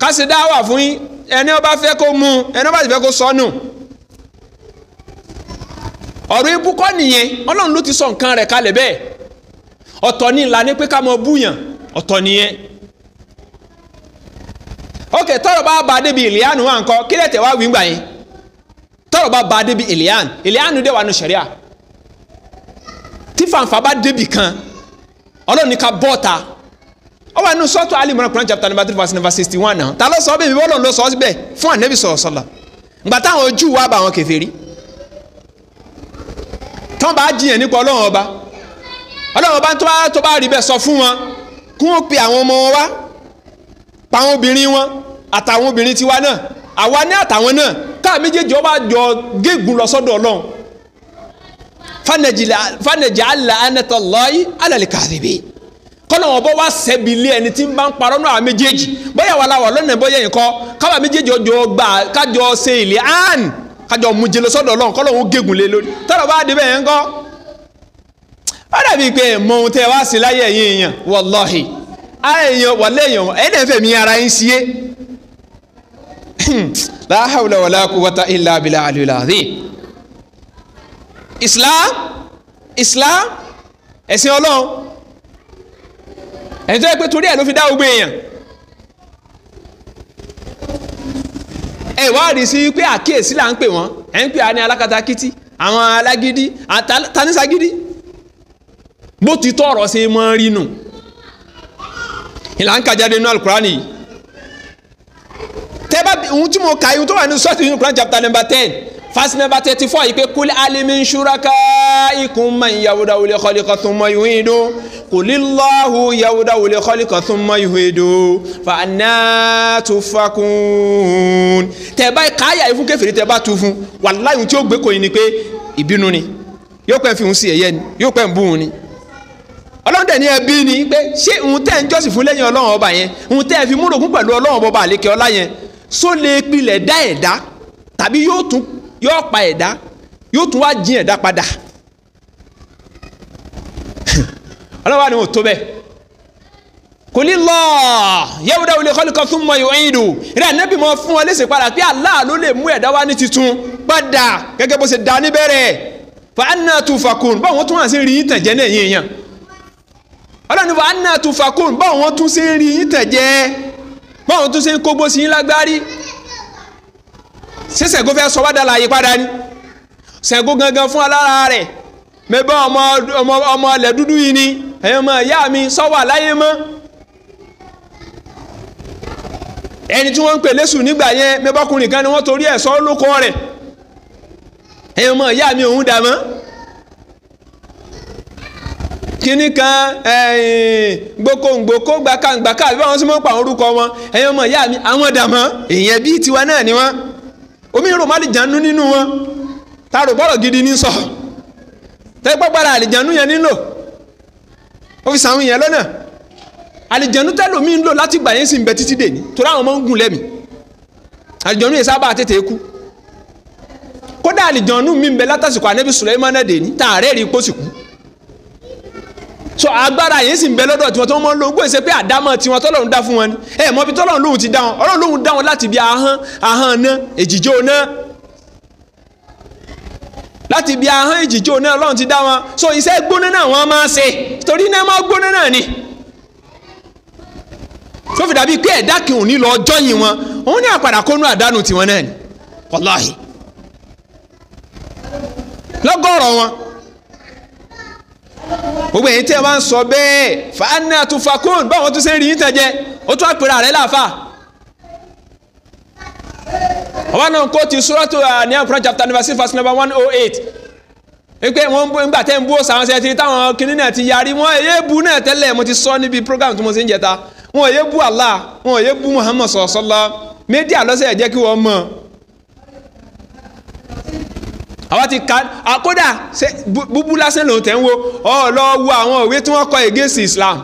Speaker 1: ká ṣe dá wà fún yín ẹni ó bá fẹ́ kó mú ẹni ó bá sì fẹ́ kó sọnù ọ̀rọ̀ ibú kọ́ nìyẹn ọlọ́run ló ti sọ nǹkan rẹ̀ kalẹ̀ bẹ́ẹ̀ ọ̀tọ̀ ni ìlànà pé ká mọ búyàn ọ̀tọ̀ nìyẹn ok tọrọ bá ba débi ìlíànù wa nǹkan kílẹ̀ tẹ̀ wá wí gbà yín tọrọ bá ba débi ìlíànù ìlíànù dẹ̀ wà nù sẹ̀ríà tí fàǹfà bá débì kan ọlọ́run ní ká bọ́ọ̀ta ó wà nínú sọ́ọ̀tù Ali Imran Quran chapter number three verse number sixty one náà ta ló sọ bẹ́ẹ̀ bí wọ́n lọ́n lọ sọ ọ́ síbẹ̀ fún ànẹ́bí sọ̀rọ̀ sọ̀la ìgbà táwọn ojú wa bá àwọn kèfèrí tán bá jiyàn nípa ọlọ́run ọba ọlọ́run ọba tó bá rí bẹ́ẹ̀ sọ fún wọn kí wọ́n pe àwọn ọmọ wọn wá pa àwọn obìnrin wọn àtàwọn obìnrin tiwa náà àwa ní àtàwọn náà káà méjèèjì ọba jọ géègùn fanajà aláàánẹtọ lọ́ọ́yì alàlìkàdìbì kọ́nà wọn bọ́ wá sẹ́bi ilé ẹni tí ń bá ń parọ́ náà méjèèjì bóyá wà láwà lọ́nà bóyá yẹn kọ́ káwa méjèèjì ọjọ́ gbà kájọ ṣe ìlẹ̀ án kájọ mú jẹ sọ́dọ̀ ọlọ́run kọ́nà òun gégùn lé lórí tọ́lọ̀ bá dé bẹ́ẹ̀ ń kọ́ ó dàbí pé mọ ohun tẹ́ wá sí láyé ẹ̀yìn èèyàn wọ́lọ́hì àìyàn wọ́lẹ́ èèyàn ẹ̀dẹ̀ fẹ́ mi ara yín sí é láhàwùlẹ̀ wọ́lá islam islam ẹ̀sìn ọlọ́run ẹ̀sìn tó yẹ pé torí ẹ̀ ló fi dá gbogbo èèyàn ẹ̀ wá rí sí pé àkíyèsí là ń pè wọ́n ẹ̀ ń pè á ní alákatakítí àwọn alágídí àtànísagídí bó ti tọrọ ṣe mọ rí nù ìlànà kàjáde nínú alukurani tẹ́ bá ohun tí mo kà ihun tó wà nínú sọ́ọ̀tì nínú alukurani chapter number ten fásitì nọ́mbà thirty four yìí pé kúlẹ alimi suraka ikun man yawuda wuli kọlikọ sunmọ ihu idu kulilahu yawuda wuli kọlikọ sunmọ ihu idu fana tufakun. tẹ̀bá káyà ìfún kẹfìrí tẹ̀bá tu fún wàláyé tí ó gbé kòyìn ni pé ìbínú ni yóò pẹ́ fi sí ẹ̀yẹ ni yóò pẹ́ ń bú hùn ni ọlọ́run tẹ̀ ní ẹbí ni pé ṣé òun tẹ̀ ń jọ́sìn fún lẹ́yìn ọlọ́run ọba yẹn òun tẹ̀ fi múlòkún pẹ̀lú ọlọ́run ọba àlékè ọlá yẹn só lè pilẹ̀ dá ẹ̀dá tàbí yóò tún yóò pa ẹ̀dá yóò tún wá jin ẹ̀dá padà ọlọ́wà ni ò tó bẹ́ẹ̀ kò ní lọ yẹ́wùdá olè kọ́lùkọ́ fún mọ ìwé yìí lò rẹ̀ nẹ́bí mọ fún ọ léṣe padà pé Allah ló lè mú ẹ̀dá wá ní titun padà gẹ́gẹ́ bó ṣe dá níbẹ̀rẹ̀ fa anna tufakun báwọn tún wà sí rí ìtàn jẹ́ náà yìnyín ọlọ́ni fa anna tufakun báwọn tún sí rí ìtàn jẹ́ báwọn tún sí kógbó sí lágbárí ṣé Ṣàngó fẹ́ sọ wá dà láàyè padà ni Ṣàngó gangan fún alára rẹ̀ mẹ́bọ́ ọmọ ọmọ ọmọ ilẹ̀ dúdú yìí ni ẹ̀yin ọmọ ìyá mi sọ́wọ́ àláyé mọ́ ẹni tí wọ́n ń pè lẹ́sù nígbà yẹn mẹ́bọ́kùnrin kan ni wọ́n torí ẹ̀ sọ lóko rẹ̀ ẹ̀yin ọmọ ìyá mi òun dà mọ́ kínní kan gbokòǹgbokò gbàkàǹgbàkà bí wọ́n sì mọ̀ pa àwọn orúkọ wọn ẹ̀yin ọmọ ìyá mi àwọn dà mọ́ èèyàn bíi tiwa náà ni wọ́n omi rò má lè jànú nínú wọn ta rò bọ́rọ̀ gidi ní sọ tẹ́gbọ́gbára àlìjànú yẹn nílò ó fi sàwọn yẹn lọ́nà àlìjànú tẹ́lòmí ń lò láti gbà yẹn sì ń bẹ títí dè ní torí àwọn ọmọ ń gùn lẹ́mìí àlìjànú yẹn sábà tètè kú kódà àlìjànú mi ń bẹ látàsìkò ànẹ́bí Sùlẹ́mánà dè ní tààrẹ́ rí pósìkú so agbára yìí sì ń bẹ lọ́dọ̀ tiwọn tó ń mọ lóhun kó ṣe pé àdámọ̀ tiwọn tọ́lọ́run dá fún wọn ni ẹ mọ̀ bí tọ́lọ́run lóhun ti dá wọn ọlọ́run lóhun dá wọn láti bí ahọ́n ahọ́n náà èjìjó náà láti bí ahọ́n èjìjó náà ọlọ́run ti dá wọn so iṣẹ́ gbóná náà wọ́n máa ṣe torí náà máa gbóná náà ni tó fi dàbí pé ẹ̀dá kìí òní lọ jọ́yìn wọn òun ní àpàdà kónú àdánù tiwọn náà ni wàláhì lọ́gọ́rọ̀ wọn gbogbo èyí tí ẹ bá ń sọ bẹ́ẹ̀ fàánà tó fakún báwọn tún ṣe ń rí yín tẹ̀jẹ̀ ó tún àpèrà rẹ̀ láàfà. àwọn náà kó ti suratu An-An'am uh, chapter number six verse number one oh eight wípé wọ́n ń bó tẹ́ ń bó sàwọn ṣe ti táwọn kinní náà ti yarí wọ́n èyí bu náà tẹ́lẹ̀ mo ti sọ níbi program tí mo ṣe ń jẹta wọ́n èyí bu Allah wọ́n èyí bu Muhammad sallallahu méjì àlọ́sẹ̀ jẹ́ kí wọ́n mọ̀ àwọn ti ka kódà búbú lásán lòun tẹ̀ ń wo ọ lọ wo àwọn ìwé tí wọ́n kọ against Islam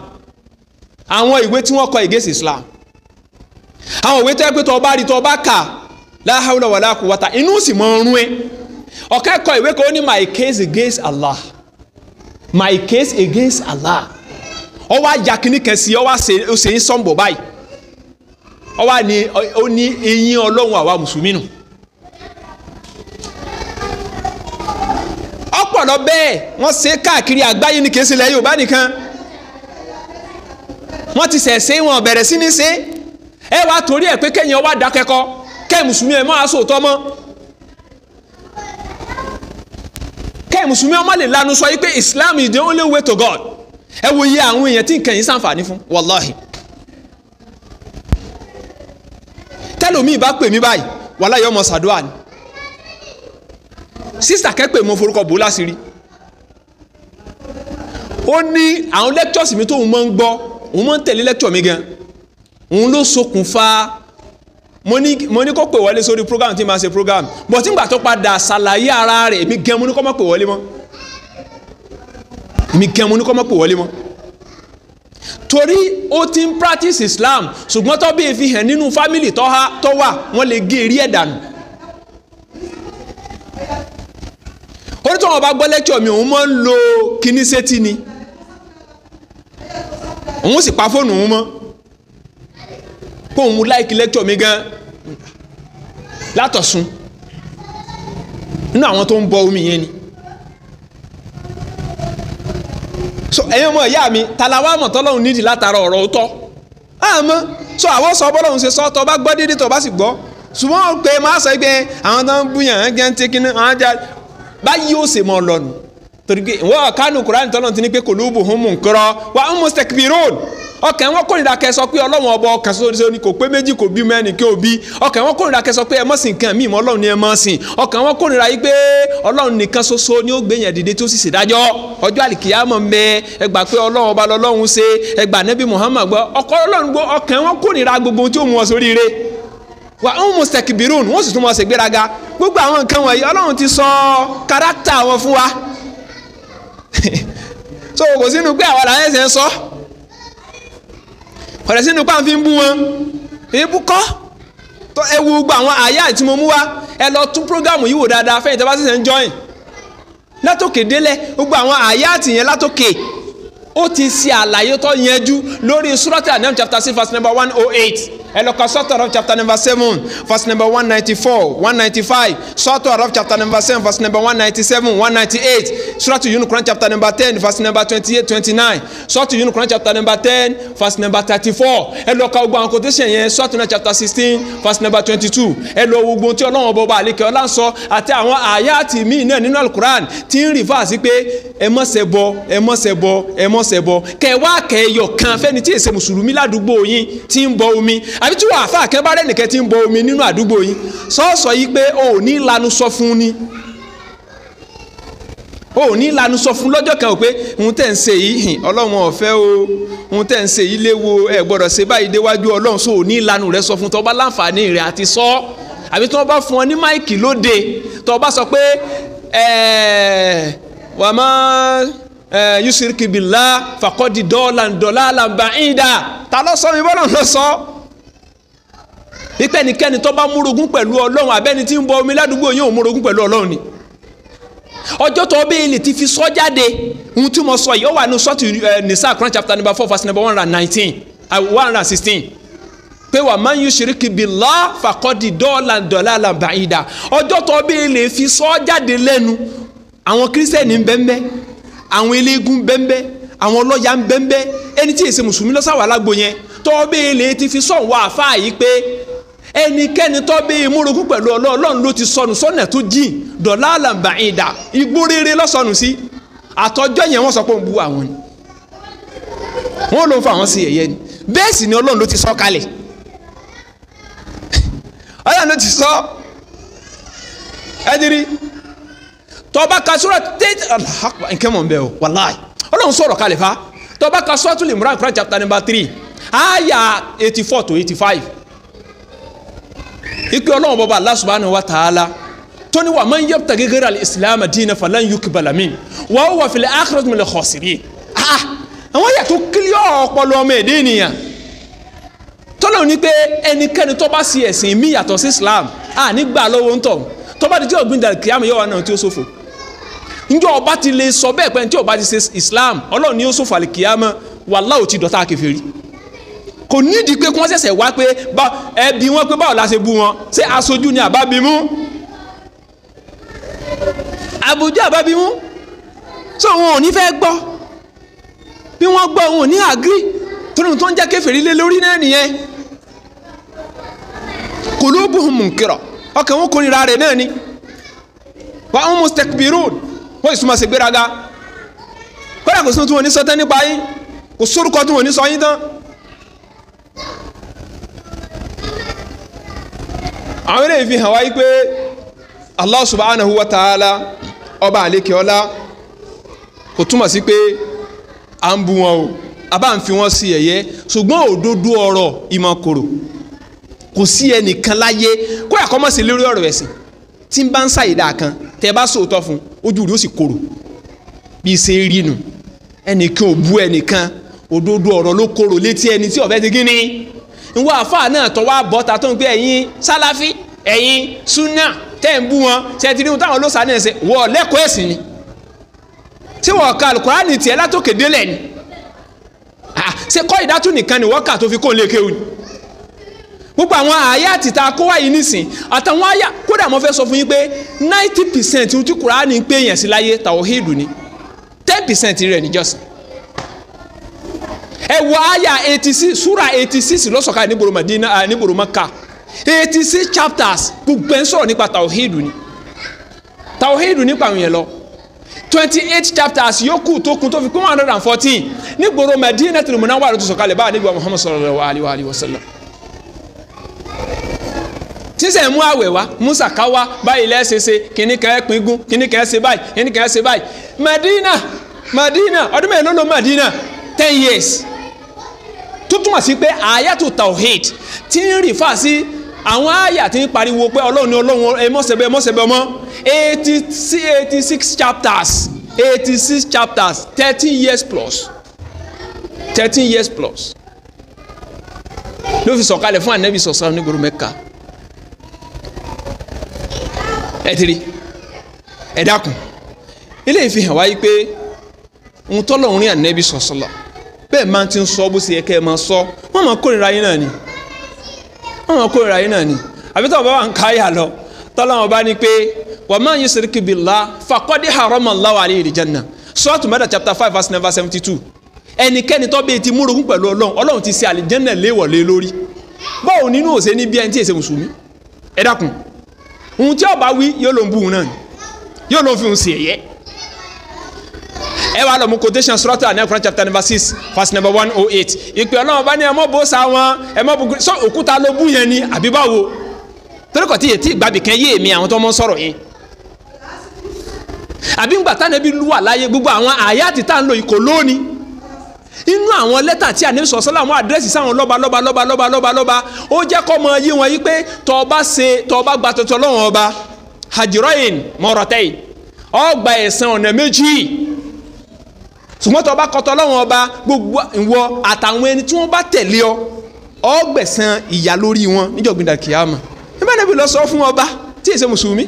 Speaker 1: àwọn ìwé tí wọ́n kọ against Islam àwọn ìwé tó yẹ pé tó bá rí tó bá kà la hawla wala quwwata inú sì mọ ọrùn ẹ ọ̀kẹ́ kọ ìwé kan ó ní my case against Allah my case against Allah ọ wá ya kínní kan sí ọ wá ṣe ń sọ̀nbọ̀ báyìí ọ wá ní eyín ọlọ́run àwa mùsùlùmí nù. ọ̀rọ̀ lọ bẹ́ẹ̀ wọ́n ṣe káàkiri àgbáyé ní kìí ṣe ilẹ̀ Yorùbá nìkan wọ́n ti ṣẹ̀ṣẹ̀ wọn bẹ̀rẹ̀ sí ní ṣe ẹ wá torí ẹ̀ pé kẹ́yìn ọwọ́ àdákẹ́kọ̀ọ́ kẹ́ mùsùlùmí ẹ̀ mọ́ aṣọ òótọ́ mọ́ kẹ́ mùsùlùmí ọmọ lè lanu sọ yìí pé Islam is the only way to God ẹ wo iye àwọn èèyàn tí nǹkan yìí ṣàǹfààní fún wàláhì tẹ́lómi ìbá pè mí báyìí wàláyé ọmọ sàdúrà ni sísà kẹ́pẹ́ mo forúkọ bò láṣìírí ó ní àwọn lectures mi tóun máa ń gbọ́ òun máa ń tẹ̀lé lecture mi gan òun ló ṣokùnfà mo ní kó pè wọlé sórí program tí ma ṣe program but nígbà tó padà ṣàlàyé ara rẹ̀ èmi gan mo ní kó má pè wọlé mọ́ èmi gan mo ní kó má pè wọlé mọ́ torí ó ti ń practice Islam ṣùgbọ́n tó bí fi hàn nínú fámìlì tó wà wọ́n lè gé eré ẹ̀ dànù torí tí wọn bá gbọ́ lẹ́kṣọ̀ mi òun máa ń lo kinní sétí ni òun sì pa fóònù òun mọ́ kó òun láìkí lẹ́kṣọ̀ mi gan látọ̀sùn nínú àwọn tó ń bọ omi yẹn ni so ẹ̀yin ọmọ ìyá mi talawa mọ̀ tọ́lọ́hún nídìí látara ọ̀rọ̀ òótọ́ àmọ́ so àwọn sọ bọ́lọ́hún ṣe sọ tọ́ bá gbọ́ dídí tọ́ bá sì gbọ́ ṣùgbọ́n pé máa sọ pé àwọn tó ń búyàn án jẹ́ ń tẹ́kínú àwọn jẹ́ báyìí ó ṣe mọ́ ọ lọ́nu torí pé wọ́n kánú kúránì tọ́nà ti ní pé kulubuhum munkara wa hum mustakbirun ọkàn wọn kórìíra kẹ sọ pé ọlọ́wọ́n ọba ọkàn sọ ni kò pé méjì kò bí mẹ́rin kí o bí ọkàn wọn kórìíra kẹ sọ pé ẹ mọ̀ sìn kan mí mọ́ ọlọ́run ni ẹ mọ̀ sìn ọkàn wọn kórìíra yìí pé ọlọ́run nìkan ṣoṣo ni ó gbé yẹn dìde tó sì ṣèdájọ́ ọjọ́ àlìkìyàmọ̀ ń bẹ ẹ gbà pé ọlọ́run ọba lọ́lọ́run ṣe ẹ gbà nẹ́bí Muhammad gbọ́ ọkàn wọn kórìíra gbogbo tí ó mú ọ sóríire wà ń mustakbirun wọ́n sì tún mọ̀ ṣe gbéraga gbogbo àwọn nǹkan wọ̀nyí ọlọ́run ti sọ kárátà wọn fún wa so kò sínú pé àwa làwọn ẹ̀sẹ̀ ń sọ ọ̀rẹ́ sínú pàǹfin bú wọn èébú kọ́ tó ẹ wo gbogbo àwọn àyà tí mo mú wá ẹ lọ tún prógámù yìí wò dáadáa fẹ́yìn tí a bá ṣẹ̀ṣẹ̀ ń jọyìn látòkè délẹ̀ gbogbo àwọn àyà àtìyẹn látòkè ó ti ṣe àlàyé tó yẹjú lórí Surat Anam chapter six verse number one oh eight. And look at Surah Arab chapter number 7, verse number 194, 195. Surah Arab chapter number 7, verse number 197, 198. Surah to Quran chapter number 10, verse number 28, 29. Surah to Quran chapter number 10, verse number 34. And look at Ugbon quotation here, Surah to chapter 16, verse number 22. And look Ugbon tí Ọlọ́run bọ̀ bá àlékè ọlá ń sọ àti àwọn àyàtì míì náà nínú alukuran tí ń rí fáàsì pé ẹ mọ́ ṣe bọ ẹ mọ́ ṣe bọ ẹ mọ́ ṣe bọ kẹwàá kan fe ni ti mùsùlùmí musulumi yín ti ń bọ omi àbí tí wàá fà kẹ́ bá rẹ̀ nìkẹ́ ti ń bọ omi nínú àdúgbò yín sọ́ọ̀sọ̀ yìí pé o ò ní lanu sọ fún ni o ò ní lanu sọ fún lọ́jọ́ kan o pé ohun tẹ̀ ń ṣe yìí ọlọ́run ọ̀fẹ́ o ohun tẹ̀ ń ṣe yìí léwu ẹ gbọ́dọ̀ ṣe báyìí déwájú ọlọ́run so ò ní lanu rẹ sọ fún tó bá láǹfààní rẹ àti sọ àbí tó bá fún ọ ní máìkì lóde tó bá sọ pé ẹ̀ẹ́ wàmọ́ yusuf kibila fakọ́di dọ́ọ̀là dọ́ọ̀là làǹbà ìdá ta ló sọ mi bọ́lá ló sọ pípẹ́ ẹnikẹ́ni tó bá múrogún pẹ̀lú ọlọ́run abẹ́ni tí ń bọ omi ládùúgbò yóò múrogún pẹ̀lú ọlọ́run ni ọjọ́ tó bẹ́ẹ̀ lè ti fi sọ jáde ohun tí mo sọ yìí ó wà ní sọ́ọ̀tì eh, nisa Quran chapter number four verse number one hundred nineteen uh, one hundred sixteen pé wà máa ń yí ṣìríkì billah fàkọ́dì dọ́ọ̀là dọ́ọ̀là làbàyídà ọjọ́ tó bẹ́ẹ̀ lè fi sọ jáde lẹ́nu àwọn kírísítẹ́nì ń bẹ́ńbẹ́ àwọn eléégún bẹ́ńbẹ́ àwọn ọlọ́yà ń bẹ́ńbẹ́ ẹni tí èsì mùsùlùmí lọ́sàwọ̀ alágbo yẹn tó bẹ́ẹ̀ lè ti fi sọ̀wọ́ àfáà yìí pé ẹnikẹ́ni tó bí ìmúrogún pẹ̀lú ọlọ́ọ̀lọ́run ló ti sọnù sọ́nà tó jìn dọ̀là àlàmbà ìdá igbó rere lọ́sọnù sí àtọ́jọ́ yẹn wọ́n sọ pé ń bu àwọn ni wọ́n ló ń fa àwọn sí ẹ̀yẹ ni bẹ́ẹ̀ sì ni ọlọ́run ló ti sọ kalẹ̀ ọlọ́run ló ti sọ ẹdiri tọba kasura tẹ́tẹ́ alahakpa nkẹ́ mọ̀ bẹ́ẹ̀ o wàláì ọlọ́run sọ̀rọ̀ kalẹ̀ fa tọba kasura tún lè múra kúrẹ́ chapter number three ayah eighty four to eighty five ìpè ọlọ́run bọ́ba Allah subhanahu wa ta'ala tóní wa man yabtaghi ghayra al-islam dinan falan yuqbala min wa huwa fil akhirati minal khasirin ah àwọn yàtọ̀ kílíọ̀ ọpọlọ ọmọ èdè ènìyàn tọ́lọ̀ ní pé ẹnikẹ́ni tó sí ẹ̀sìn mí yàtọ̀ sí islam à nígbà lọ́wọ́ ń tọ̀ tó bá di ògbìn dàrí kìámù yóò náà tí ó ṣòfò njẹ́ ọba ti lè sọ bẹ́ẹ̀ pé tí ọba ti ṣe islam ọlọ́run ni yóò ṣòfò àlè kìámù wàláhù ti dọ̀tá kèfèrí kò nídìí pé kí wọ́n ṣẹ̀ṣẹ̀ wá pé ẹbí wọn pé báwo la ṣe bú wọn ṣé aṣojú ni àbábímú àbójú àbábímú so wọn ò ní fẹ́ gbọ́ bí wọ́n gbọ́ wọn ò ní àgírí tónú tó ń jẹ́ kèfèrí lé lórí náà nìyẹn qulubuhum munkira ọkàn wọn kórìíra rẹ̀ náà ni wa hum mustakbirun wọ́n sì túmọ̀ sí gbéraga kódà kò sí ohun tí wọ́n ní sọ tán nípa yín kò sórúkọ tí wọ́n ní sọ yín tán. àwọn eléyìí fi wáyé pé allah subhanahu wa ọba àlekè ọlá kò túmọ̀ sí pé à ń bu wọn o àbá ń fi wọn sí ẹ̀yẹ ṣùgbọ́n òdodo ọ̀rọ̀ ìmọ̀ kò sí ẹnìkan láyé kó yà kọ́ mọ̀ sí lórí ọ̀rọ̀ ẹ̀sìn tí ń bá ń ṣàyèdá kan tẹ́ bá sòótọ́ fún ojú rí ó sì kòrò bí ṣe rí nu ẹnìkan bu ẹnìkan òdodo ọ̀rọ̀ ló kòrò létí ẹni tí ọ̀fẹ́ ti gíní ìwọ àfáà náà ẹ̀yin súnà tẹ́ ń bú wọn ṣe ti ní ohun táwọn olóòsàn náà ṣe wọ́n lẹ́kọ̀ọ́ ẹ̀sìn ni tí wọ́n ka alukurani tiẹ̀ látòkè délẹ̀ ni ṣe kọ́ ìdátù nìkan ni wọ́n kà tó fi kó lè kéwù gbogbo àwọn àyà àtìta kó wáyé nísìn àtàwọn àyà kódà mo fẹ́ sọ fún yín pé ninety percent tí kùránì ń pè yẹn sí láyé tàwọ́hídù ni ten percent rẹ̀ níjọ́sìn ẹ wọ àyà eighty six sura eighty six lọ́sọ̀ka níbòrò Madina níbòrò Maka eighty six chapters gbogbo ẹ̀ ń sọ̀rọ̀ nípa tàwíìdù ni tàwíìdù nípa àwọn yẹn lọ twenty eight chapters yòókù tó kún tó fi kún one hundred and fourteen nígboro Madinatul Munawwara tó sọ̀kalẹ̀ báyìí nígbà Muhammad sallallahu alayhi wa sallam sísẹ̀ mú àwẹ̀ wá musa ká wá báyìí lẹ́sẹ̀ ṣe kíní kan ẹ̀ pín gún kíní kan ẹ̀ ṣe báyìí kíní kan ẹ̀ ṣe báyìí Madina Madina ọdún mẹ́rin ló lò Madina ten years tó túmọ̀ sí pé àyàtò tawhid ti ń rìfà sí àwọn àyà tí ń pariwo pé ọlọ́run ni ọlọ́run ẹ mọ́sẹ̀bẹ́ ọmọ eighty eighty six chapters eighty six chapters thirteen years plus thirteen years plus ló fi sọ̀kalẹ̀ fún ànábì sọ̀sán onígboro mẹ́ka ẹ tiri ẹ dákun ilé ìfihàn wáyé pé ń tọ́lọ̀ ń rí ànábì sọ̀sán lọ bẹ́ẹ̀ máa ti ń sọ bó ṣe yẹ kẹ́ ẹ máa sọ wọ́n máa kórìíra yín náà ni wọn kórìíra yín náà ni àbí tó bá wà ń káyà lọ tọ́lọ́wọ́n bá ní pé wa man yushrik billah faqad harama Allahu alayhi al-jannah Suratu Maida chapter five verse number seventy two ẹnikẹ́ni tó bẹ́ẹ̀ ti múrogún pẹ̀lú ọlọ́run ọlọ́run ti ṣe àlìjẹ́nà léwọ̀lé lórí báwo nínú òṣè ní bí ẹni tí èsè mùsùlùmí ẹ ohun tí ọba wí yóò ló ń bú un náà yóò ló ń fi òun ṣe ẹ̀yẹ́ ẹ wàá lọ mú quotation suratul An'am Quran chapter number six verse number one oh eight ìpè ọlọ́run bá ní ẹ mọ́ bó sa wọn ẹ mọ́ bó sọ òkúta ló bú yẹn ni àbí báwo torí kò tí yẹ tí ìgbàbí kan yé èmi àwọn tó mọ́ sọ̀rọ̀ yẹn àbí ńgbà tá nẹbi lu àlàyé gbogbo àwọn àyà tí tá ń lo ìkò lónìí inú àwọn lẹ́tà tí ànẹ́bí sọ sọ́lá àwọn àdírẹ́sì sáwọn lọ́ba lọ́ba lọ́ba lọ́ba lọ́ba lọ́ba ó jẹ́ kọ́ mọ yé wọn yí pé tọ́ọ̀bá ṣe tọ́ọ̀bá gba tuntun lọ́wọ́n ọba hajjirain mọ̀rọ̀tẹ́yì ọgbà ẹ̀sán ọ̀nà méjì ṣùgbọ́n tó bá kọtọ lọ́wọ́n ọba gbogbo ìwọ àtàwọn ẹni tí wọ́n bá tẹ̀lé ọ ọ gbẹ̀san ìyà lórí wọn níjọ̀gbìndà kìámà nígbà níbi lọ sọ fún ọba tí èsè mùsùlùmí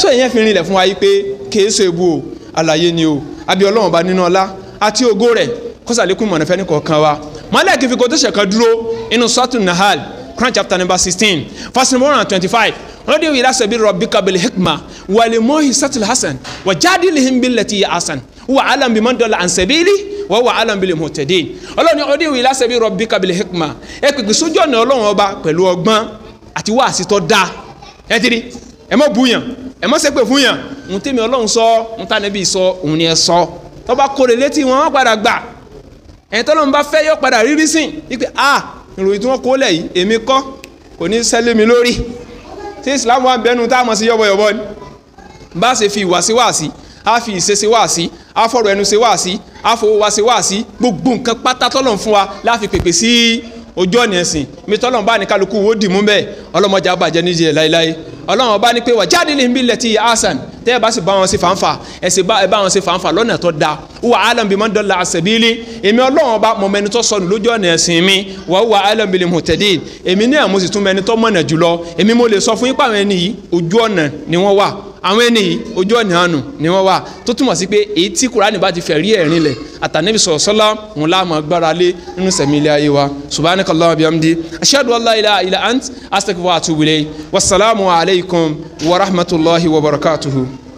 Speaker 1: tó ìyẹn fi rinlẹ̀ fún wa yìí pé kèé so ebu o àlàyé ni o àbí ọlọ́wọ́n ọba nínú ọlá àti ògo rẹ̀ kọ́sàlékún ìmọ̀nà fẹ́ ní kọ̀ọ̀kan wa mọ́lẹ́ẹ̀kì fi kòtò ṣẹ̀kan dúró inú sọ́tún nahal Quran chapter number sixteen verse number twenty five wọ́n dé ìlàsẹ̀ bí rọ̀bì kabil hikma wàlẹ̀ mọ́hì sátìl hasan wàjáde lihim bí lẹ́tì yẹ hasan huwa alam bi man dọ̀la ànsẹ̀bílì wa huwa alam bil muhtadin ọlọ́run ní ọdún ìwé lásẹ̀bí rabbika bil hikma ẹ pèpè sójú ọ̀nà ọlọ́run ọba pẹ̀lú ọgbọ́n àti wáàsí tó dáa ẹ ti rí ẹ mọ̀ bùyàn ẹ mọ̀ sẹ́pẹ̀ fún yàn òun tèmi ọlọ́run sọ òun tà níbi sọ òun ni ẹ sọ tó bá kórè létí wọn wọn padà gbà ẹ̀yìn tó lọ́n bá fẹ́ yọ padà rírí sìn wípé a ah, ìròyìn tí wọ́n kó lẹ̀ yìí èmi kọ́ kò ní sẹ́lé mi lórí tí Islam wà bẹnu tá a mọ̀ sí yọ̀bọ̀yọ̀bọ̀ ni bá a ṣe fi ìwà a fi ìṣe afọ̀rọ̀ ẹnu ṣe wáàsí afọwọ́ wa ṣe wáàsí gbogbo nǹkan pátá tọ́lọ̀ ń fún wa láfi pèpè sí ojú ọ̀nà ẹ̀sìn mi tọ́lọ̀ ń bá ní kálukú wo dì mú bẹ́ẹ̀ ọlọ́mọdé abàjẹ́ níjẹ́ ẹ̀ láéláé ọlọ́run ọba ní pé wà jáde lè ń bí lẹ́tí asan tẹ́ ẹ bá sì bá wọn ṣe fàǹfà ẹ sì bá ẹ bá wọn ṣe fàǹfà lọ́nà tó da wà alam bí man dalla asabili èmi ọlọ́run ọba mọ̀ mẹni tó sọnù lójú ọ̀nà ẹ̀sìn mi wà wà alam bil muhtadin èmi náà mo sì tún mẹni tó mọ̀nà jùlọ èmi mo lè sọ fún yín pàmò yìí ojú ọ̀nà ni wọ́n wà àwọn ènìyàn ojú ọ̀nà àánú ni wọ́n wà tó túmọ̀ sí pé èyí tí kúránì bá ti fẹ̀rí ẹ̀rin lẹ̀ àtànẹ́bí sọ̀rọ̀ sọ́lá òun láàmú agbára lé nínú sẹ̀mí ilé ayé wa subhanaka Allahumma bihamdi ashhadu an la ilaha ant astaghfiruka wa atubu wasalaamu alaykum wa rahmatulahi wa barakatuhu.